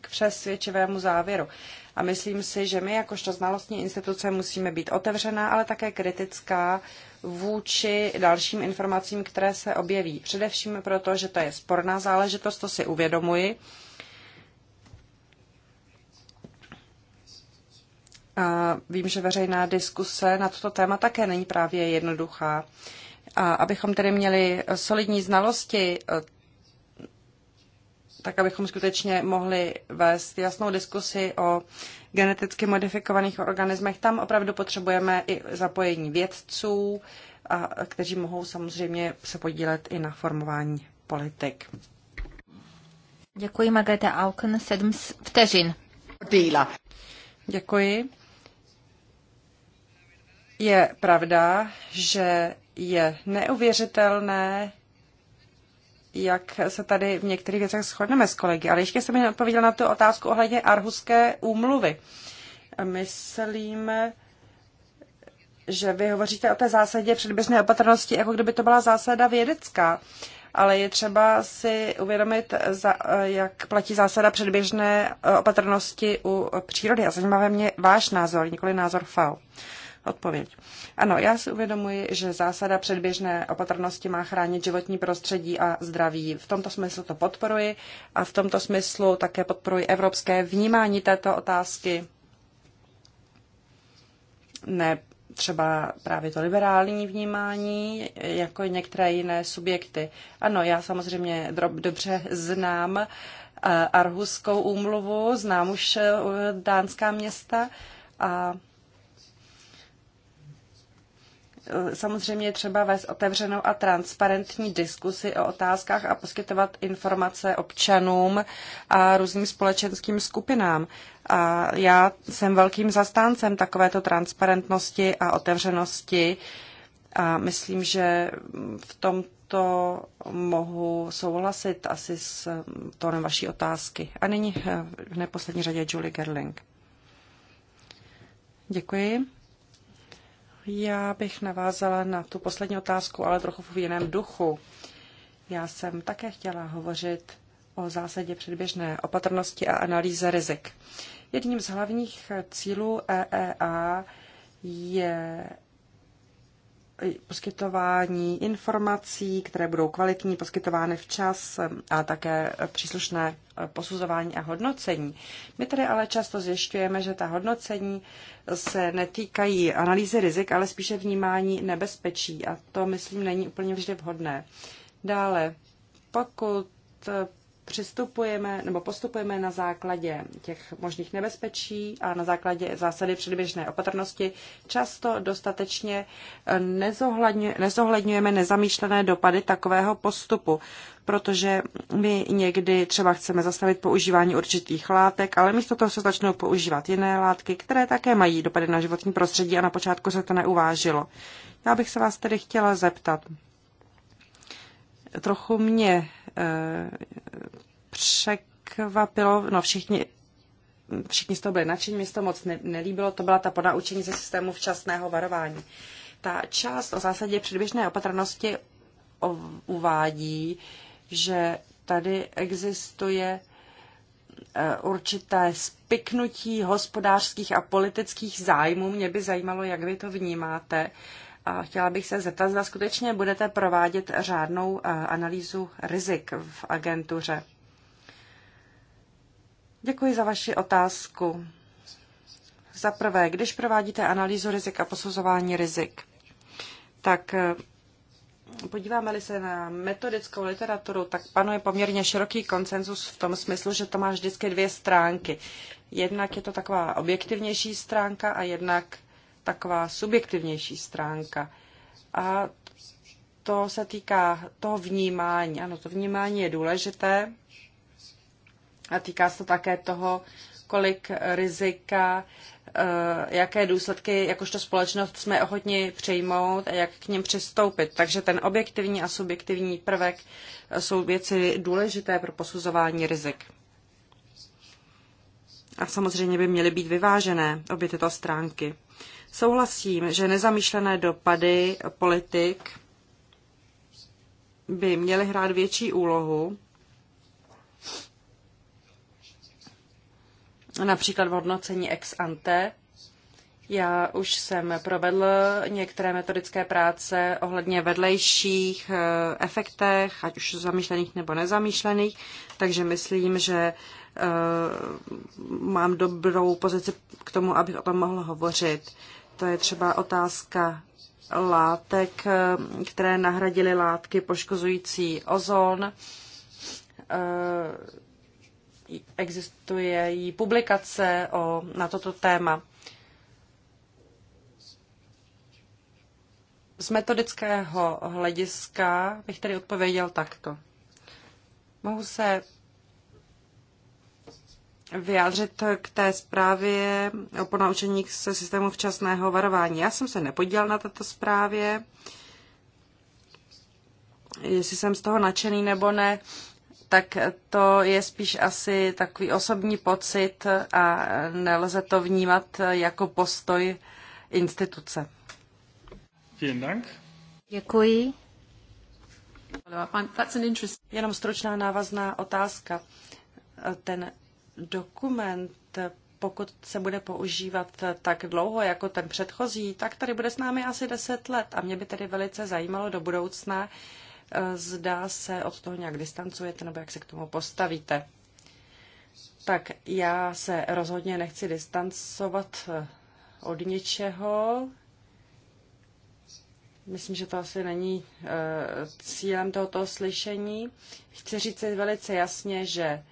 k přesvědčivému závěru. A myslím si, že my jakožto znalostní instituce musíme být otevřená, ale také kritická vůči dalším informacím, které se objeví. Především proto, že to je sporná záležitost, to si uvědomuji. A vím, že veřejná diskuse na toto téma také není právě jednoduchá. A abychom tedy měli solidní znalosti, eh, tak abychom skutečně mohli vést jasnou diskusi o geneticky modifikovaných organismech, tam opravdu potřebujeme i zapojení vědců, a, kteří mohou samozřejmě se podílet i na formování politik.
Děkuji, Margareta Auken, sedm vteřin. Díla. Děkuji.
Je pravda, že je neuvěřitelné, jak se tady v některých věcech shodneme s kolegy. Ale ještě jsem mi odpověděl na tu otázku ohledně Arhuské úmluvy. Myslím, že vy hovoříte o té zásadě předběžné opatrnosti, jako kdyby to byla zásada vědecká. Ale je třeba si uvědomit, jak platí zásada předběžné opatrnosti u přírody. A zajímavé mě váš názor, nikoli názor FAO odpověď. Ano, já si uvědomuji, že zásada předběžné opatrnosti má chránit životní prostředí a zdraví. V tomto smyslu to podporuji a v tomto smyslu také podporuji evropské vnímání této otázky. Ne třeba právě to liberální vnímání, jako některé jiné subjekty. Ano, já samozřejmě dobře znám eh, Arhuskou úmluvu, znám už eh, dánská města a Eh, samozřejmě je třeba vést otevřenou a transparentní diskusi o otázkách a poskytovat informace občanům a různým společenským skupinám. A já jsem velkým zastáncem takovéto transparentnosti a otevřenosti a myslím, že v tomto mohu souhlasit asi s eh, tónem vaší otázky. A nyní eh, v neposlední řadě Julie Gerling. Děkuji. Já bych navázala na tu poslední otázku, ale trochu v jiném duchu. Já jsem také chtěla hovořit o zásadě předběžné opatrnosti a analýze rizik. Jedním z hlavních cílů EEA je poskytování informací, které budou kvalitní, poskytovány včas a také příslušné eh, posuzování a hodnocení. My tady ale často zjišťujeme, že ta hodnocení se netýkají analýzy rizik, ale spíše vnímání nebezpečí a to, myslím, není úplně vždy vhodné. Dále, pokud eh, přistupujeme nebo postupujeme na základě těch možných nebezpečí a na základě zásady předběžné opatrnosti, často dostatečně eh, nezohledňujeme nezamýšlené dopady takového postupu, protože my někdy třeba chceme zastavit používání určitých látek, ale místo toho se začnou používat jiné látky, které také mají dopady na životní prostředí a na počátku se to neuvážilo. Já bych se vás tedy chtěla zeptat. Trochu mě překvapilo, no všichni, všichni z toho byli nadšení, mě to moc ne, nelíbilo, to byla ta ponaučení ze systému včasného varování. Ta část o zásadě předběžné opatrnosti uvádí, že tady existuje e, určité spiknutí hospodářských a politických zájmů. Mě by zajímalo, jak vy to vnímáte a chtěla bych se zeptat, zda skutečně budete provádět řádnou eh, analýzu rizik v agentuře. Děkuji za vaši otázku. Za prvé, když provádíte analýzu rizik a posuzování rizik, tak eh, podíváme-li se na metodickou literaturu, tak panuje poměrně široký konsenzus v tom smyslu, že to má vždycky dvě stránky. Jednak je to taková objektivnější stránka a jednak taková subjektivnější stránka. A to se týká toho vnímání. Ano, to vnímání je důležité a týká se to také toho, kolik rizika, eh, jaké důsledky jakožto společnost jsme ochotni přejmout a jak k něm přistoupit. Takže ten objektivní a subjektivní prvek eh, jsou věci důležité pro posuzování rizik. A samozřejmě by měly být vyvážené obě tyto stránky. Souhlasím, že nezamýšlené dopady politik by měly hrát větší úlohu, například v hodnocení ex ante. Já už jsem provedl některé metodické práce ohledně vedlejších eh, efektech, ať už zamýšlených nebo nezamýšlených, takže myslím, že eh, mám dobrou pozici k tomu, abych o tom mohl hovořit. To je třeba otázka látek, které nahradily látky poškozující ozon. Eh, existuje i publikace o, na toto téma. Z metodického hlediska bych tedy odpověděl takto. Mohu se vyjádřit k té zprávě o ponaučení se systému včasného varování. Já jsem se nepodíval na této zprávě, jestli jsem z toho nadšený nebo ne, tak to je spíš asi takový osobní pocit a nelze to vnímat jako postoj instituce. Děkuji. Jenom stručná návazná otázka. Ten dokument, pokud se bude používat tak dlouho jako ten předchozí, tak tady bude s námi asi 10 let. A mě by tedy velice zajímalo do budoucna, eh, zda se od toho nějak distancujete nebo jak se k tomu postavíte. Tak já se rozhodně nechci distancovat eh, od něčeho. Myslím, že to asi není eh, cílem tohoto slyšení. Chci říct velice jasně, že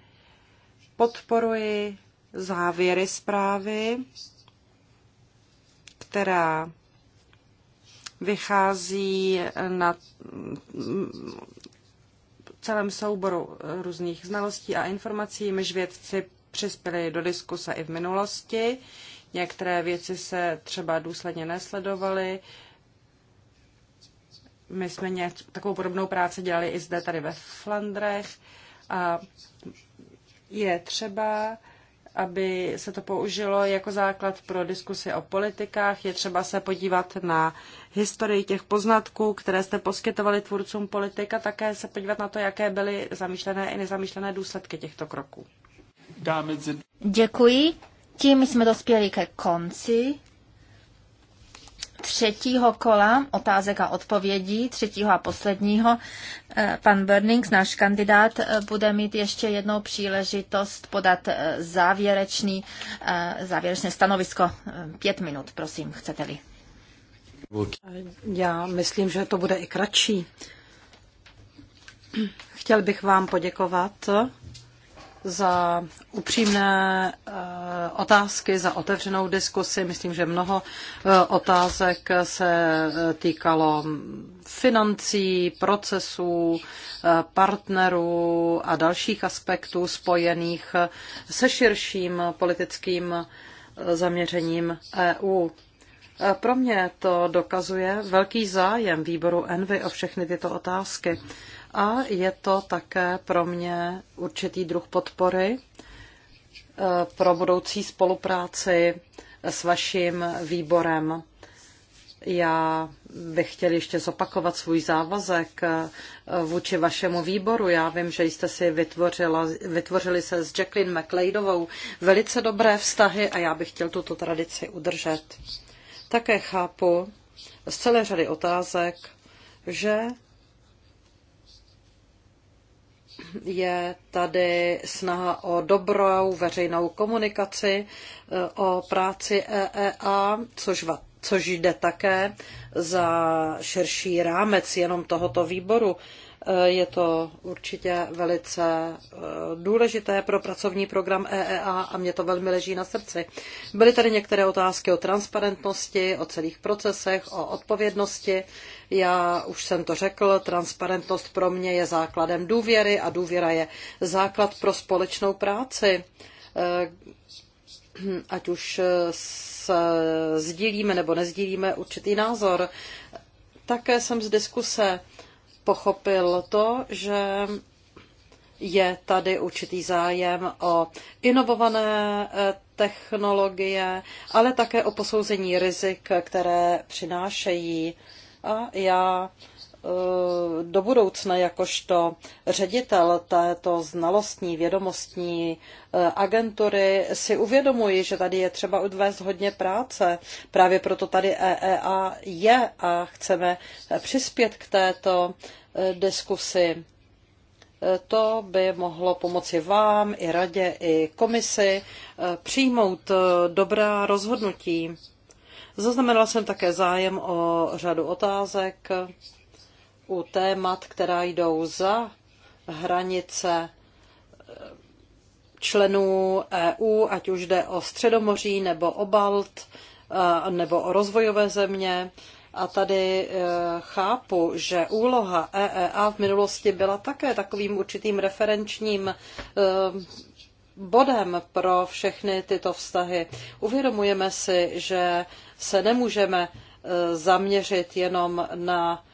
podporuji závěry zprávy, která vychází na celém souboru různých znalostí a informací, jimž vědci přispěli do diskuse i v minulosti. Některé věci se třeba důsledně nesledovaly. My jsme něco, takovou podobnou práci dělali i zde tady ve Flandrech a je třeba, aby se to použilo jako základ pro diskusy o politikách. Je třeba se podívat na historii těch poznatků, které jste poskytovali tvůrcům politik a také se podívat na to, jaké byly zamýšlené i nezamýšlené důsledky těchto kroků.
Děkuji. Tím jsme dospěli ke konci třetího kola otázek a odpovědí, třetího a posledního. Eh, pan Burnings, náš kandidát, eh, bude mít ještě jednou příležitost podat eh, závěrečný, závěrečné stanovisko. Pět minut, prosím, chcete-li. Já myslím, že to bude i kratší.
Chtěl bych vám poděkovat za upřímné eh, otázky, za otevřenou diskusi. Myslím, že mnoho eh, otázek se eh, týkalo financí, procesů, partnerů a dalších aspektů spojených se širším politickým zaměřením EU. Pro mě to dokazuje velký zájem výboru Envy o všechny tyto otázky a je to také pro mě určitý druh podpory eh, pro budoucí spolupráci s vaším výborem. Já bych chtěl ještě zopakovat svůj závazek eh, vůči vašemu výboru. Já vím, že jste si vytvořila, vytvořili se s Jacqueline McLeodovou velice dobré vztahy a já bych chtěl tuto tradici udržet. Také chápu z celé řady otázek, že je tady snaha o dobrou veřejnou komunikaci, e, o práci EEA, což, va, což jde také za širší rámec jenom tohoto výboru. Eh, je to určitě velice eh, důležité pro pracovní program EEA a mě to velmi leží na srdci. Byly tady některé otázky o transparentnosti, o celých procesech, o odpovědnosti. Já už jsem to řekl, transparentnost pro mě je základem důvěry a důvěra je základ pro společnou práci. Eh, ať už sdílíme nebo nezdílíme určitý názor. Také jsem z diskuse pochopil to, že je tady určitý zájem o inovované eh, technologie, ale také o posouzení rizik, které přinášejí. A já eh, do budoucna jakožto ředitel této znalostní, vědomostní eh, agentury si uvědomuji, že tady je třeba odvést hodně práce. Právě proto tady EEA je a chceme přispět k této Eh, diskusi. Eh, to by mohlo pomoci vám i radě, i komisi eh, přijmout dobrá rozhodnutí. Zaznamenala jsem také zájem o řadu otázek u témat, která jdou za hranice členů EU, ať už jde o Středomoří nebo o Balt nebo o rozvojové země. A tady eh, chápu, že úloha EEA v minulosti byla také takovým určitým referenčním eh, bodem pro všechny tyto vztahy. Uvědomujeme si, že se nemůžeme eh, zaměřit jenom na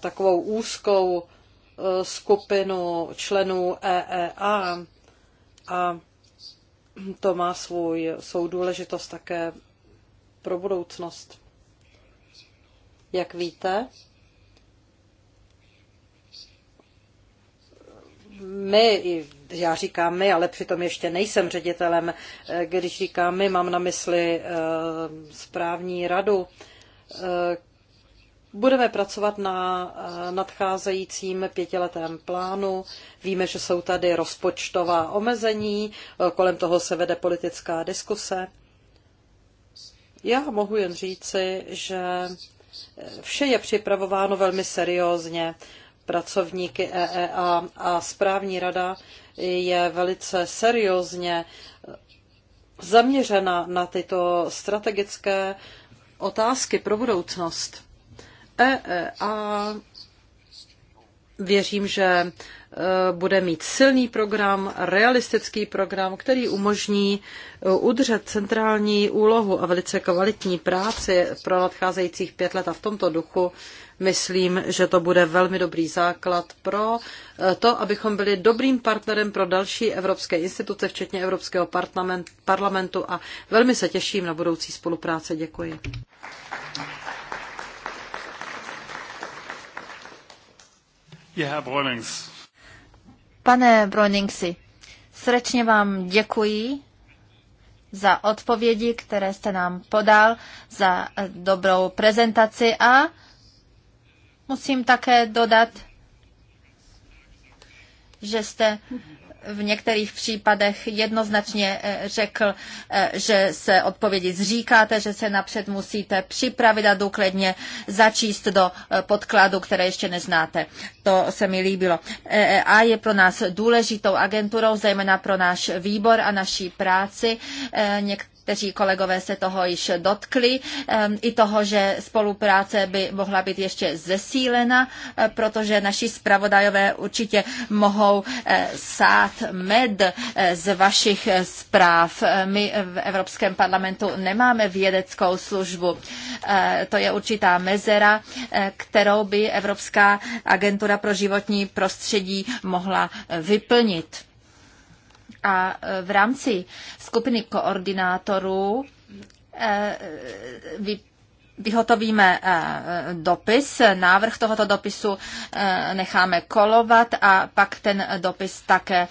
takovou úzkou skupinu členů EEA a to má svůj, svou důležitost také pro budoucnost. Jak víte, my, já říkám my, ale přitom ještě nejsem ředitelem, eh, když říkám my, mám na mysli eh, správní radu, eh, Budeme pracovat na nadcházejícím pětiletém plánu. Víme, že jsou tady rozpočtová omezení, kolem toho se vede politická diskuse. Já mohu jen říci, že Vše je připravováno velmi seriózně pracovníky EEA a správní rada je velice seriózně zaměřena na tyto strategické otázky pro budoucnost. EEA věřím, že Eh, bude mít silný program, realistický program, který umožní eh, udržet centrální úlohu a velice kvalitní práci pro nadcházejících pět let. A v tomto duchu myslím, že to bude velmi dobrý základ pro eh, to, abychom byli dobrým partnerem pro další evropské instituce, včetně Evropského parlamentu a velmi se těším na budoucí spolupráce. Děkuji.
Yeah, Herr Bräunings,
Pane Broningsi, srdečně vám děkuji za odpovědi, které jste nám podal, za eh, dobrou prezentaci a musím také dodat, že jste v některých případech jednoznačně eh, řekl, eh, že se odpovědi zříkáte, že se napřed musíte připravit a důkladně začíst do eh, podkladu, které ještě neznáte. To se mi líbilo. EEA je pro nás důležitou agenturou, zejména pro náš výbor a naší práci. Někteří kolegové se toho již dotkli, i toho, že spolupráce by mohla být ještě zesílena, eh, protože naši zpravodajové určitě mohou eh, sát med eh, z vašich zpráv. My v Evropském parlamentu nemáme vědeckou službu. To je určitá mezera, kterou by Evropská agentura pro životní prostředí mohla vyplnit. A e, v rámci skupiny koordinátorů e, vy vyhotovíme e, dopis, návrh tohoto dopisu necháme kolovat a pak ten dopis také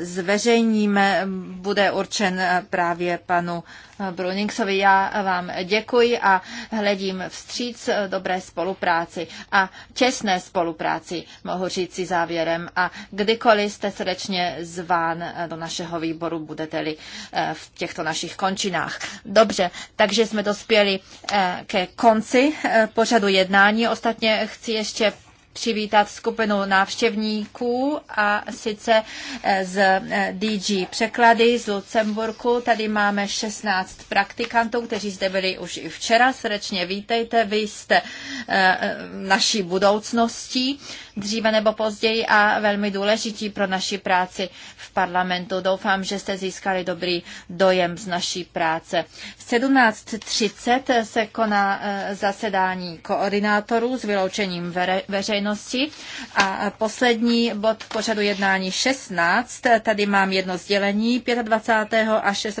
zveřejníme, bude určen právě panu Bruningsovi. Já vám děkuji a hledím vstříc dobré spolupráci a těsné spolupráci, mohu říct si závěrem. A kdykoliv jste srdečně zván do našeho výboru, budete-li eh, v těchto našich končinách. Dobře, takže jsme dospěli eh, ke konci eh, pořadu jednání. Ostatně chci ještě přivítat skupinu návštěvníků a sice eh, z eh, DG Překlady z Lucemburku. Tady máme 16 praktikantů, kteří zde byli už i včera. Srdečně vítejte, vy jste eh, naší budoucností dříve nebo později a velmi důležití pro naši práci v parlamentu. Doufám, že jste získali dobrý dojem z naší práce. V 17.30 se koná zasedání koordinátorů s vyloučením veřejnosti veřejnosti. A poslední bod pořadu jednání 16. Tady mám jedno sdělení. 25. a 26.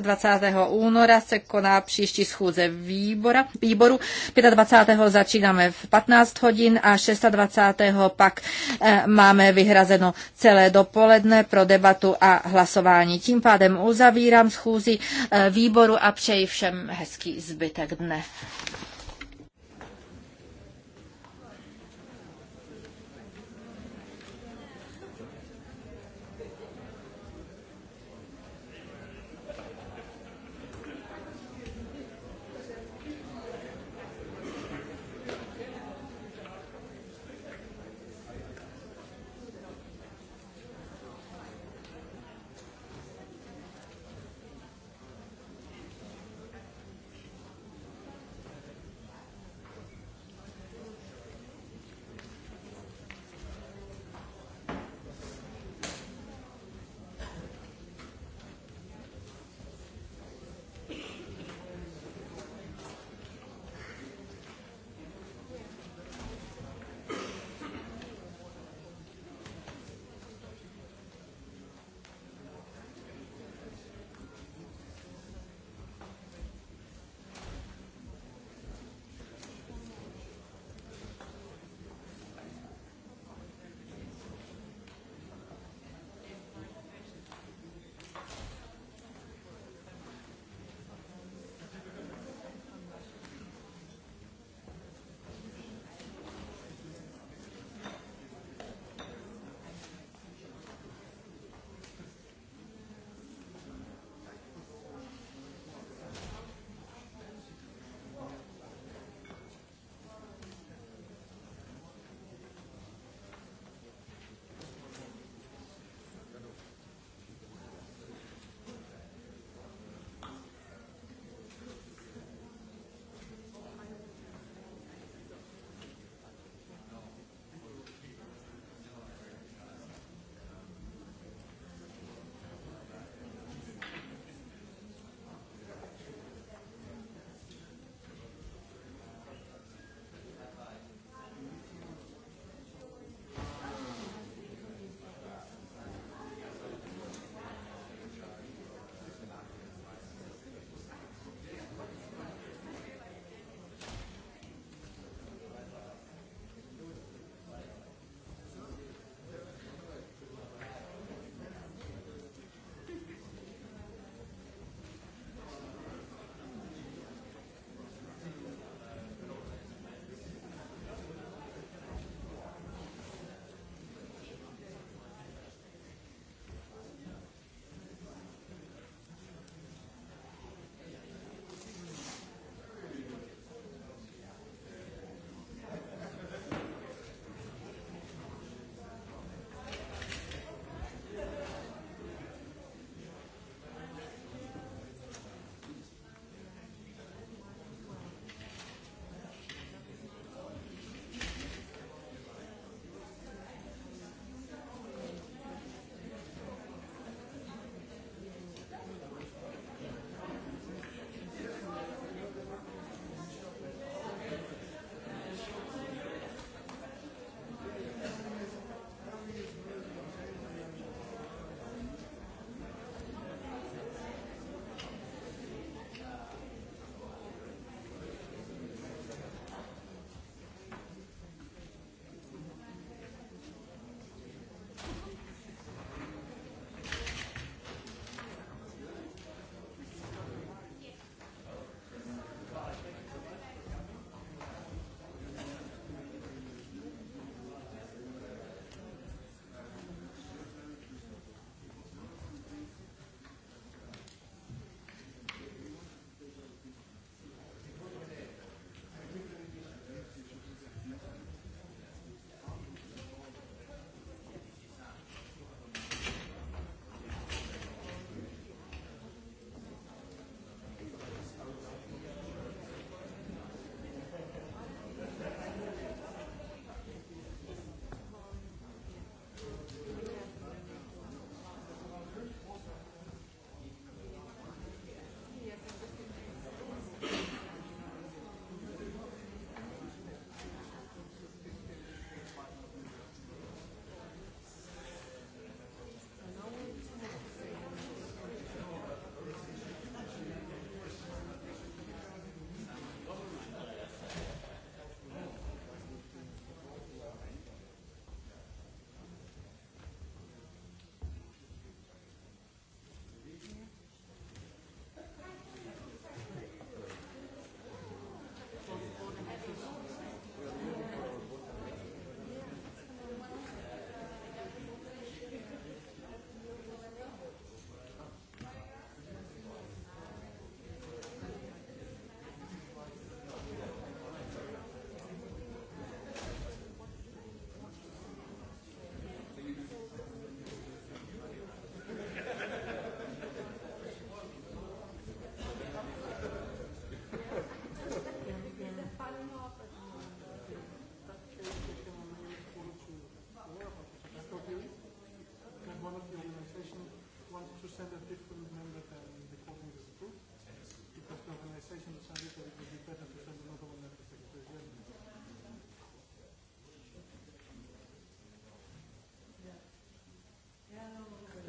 února se koná příští schůze výbora, výboru. 25. začínáme v 15 hodin a 26. pak eh, máme vyhrazeno celé dopoledne pro debatu a hlasování. Tím pádem uzavírám schůzi eh, výboru a přeji všem hezký zbytek dne.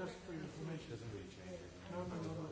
just for
your information. Doesn't really change it. No, no, no. no.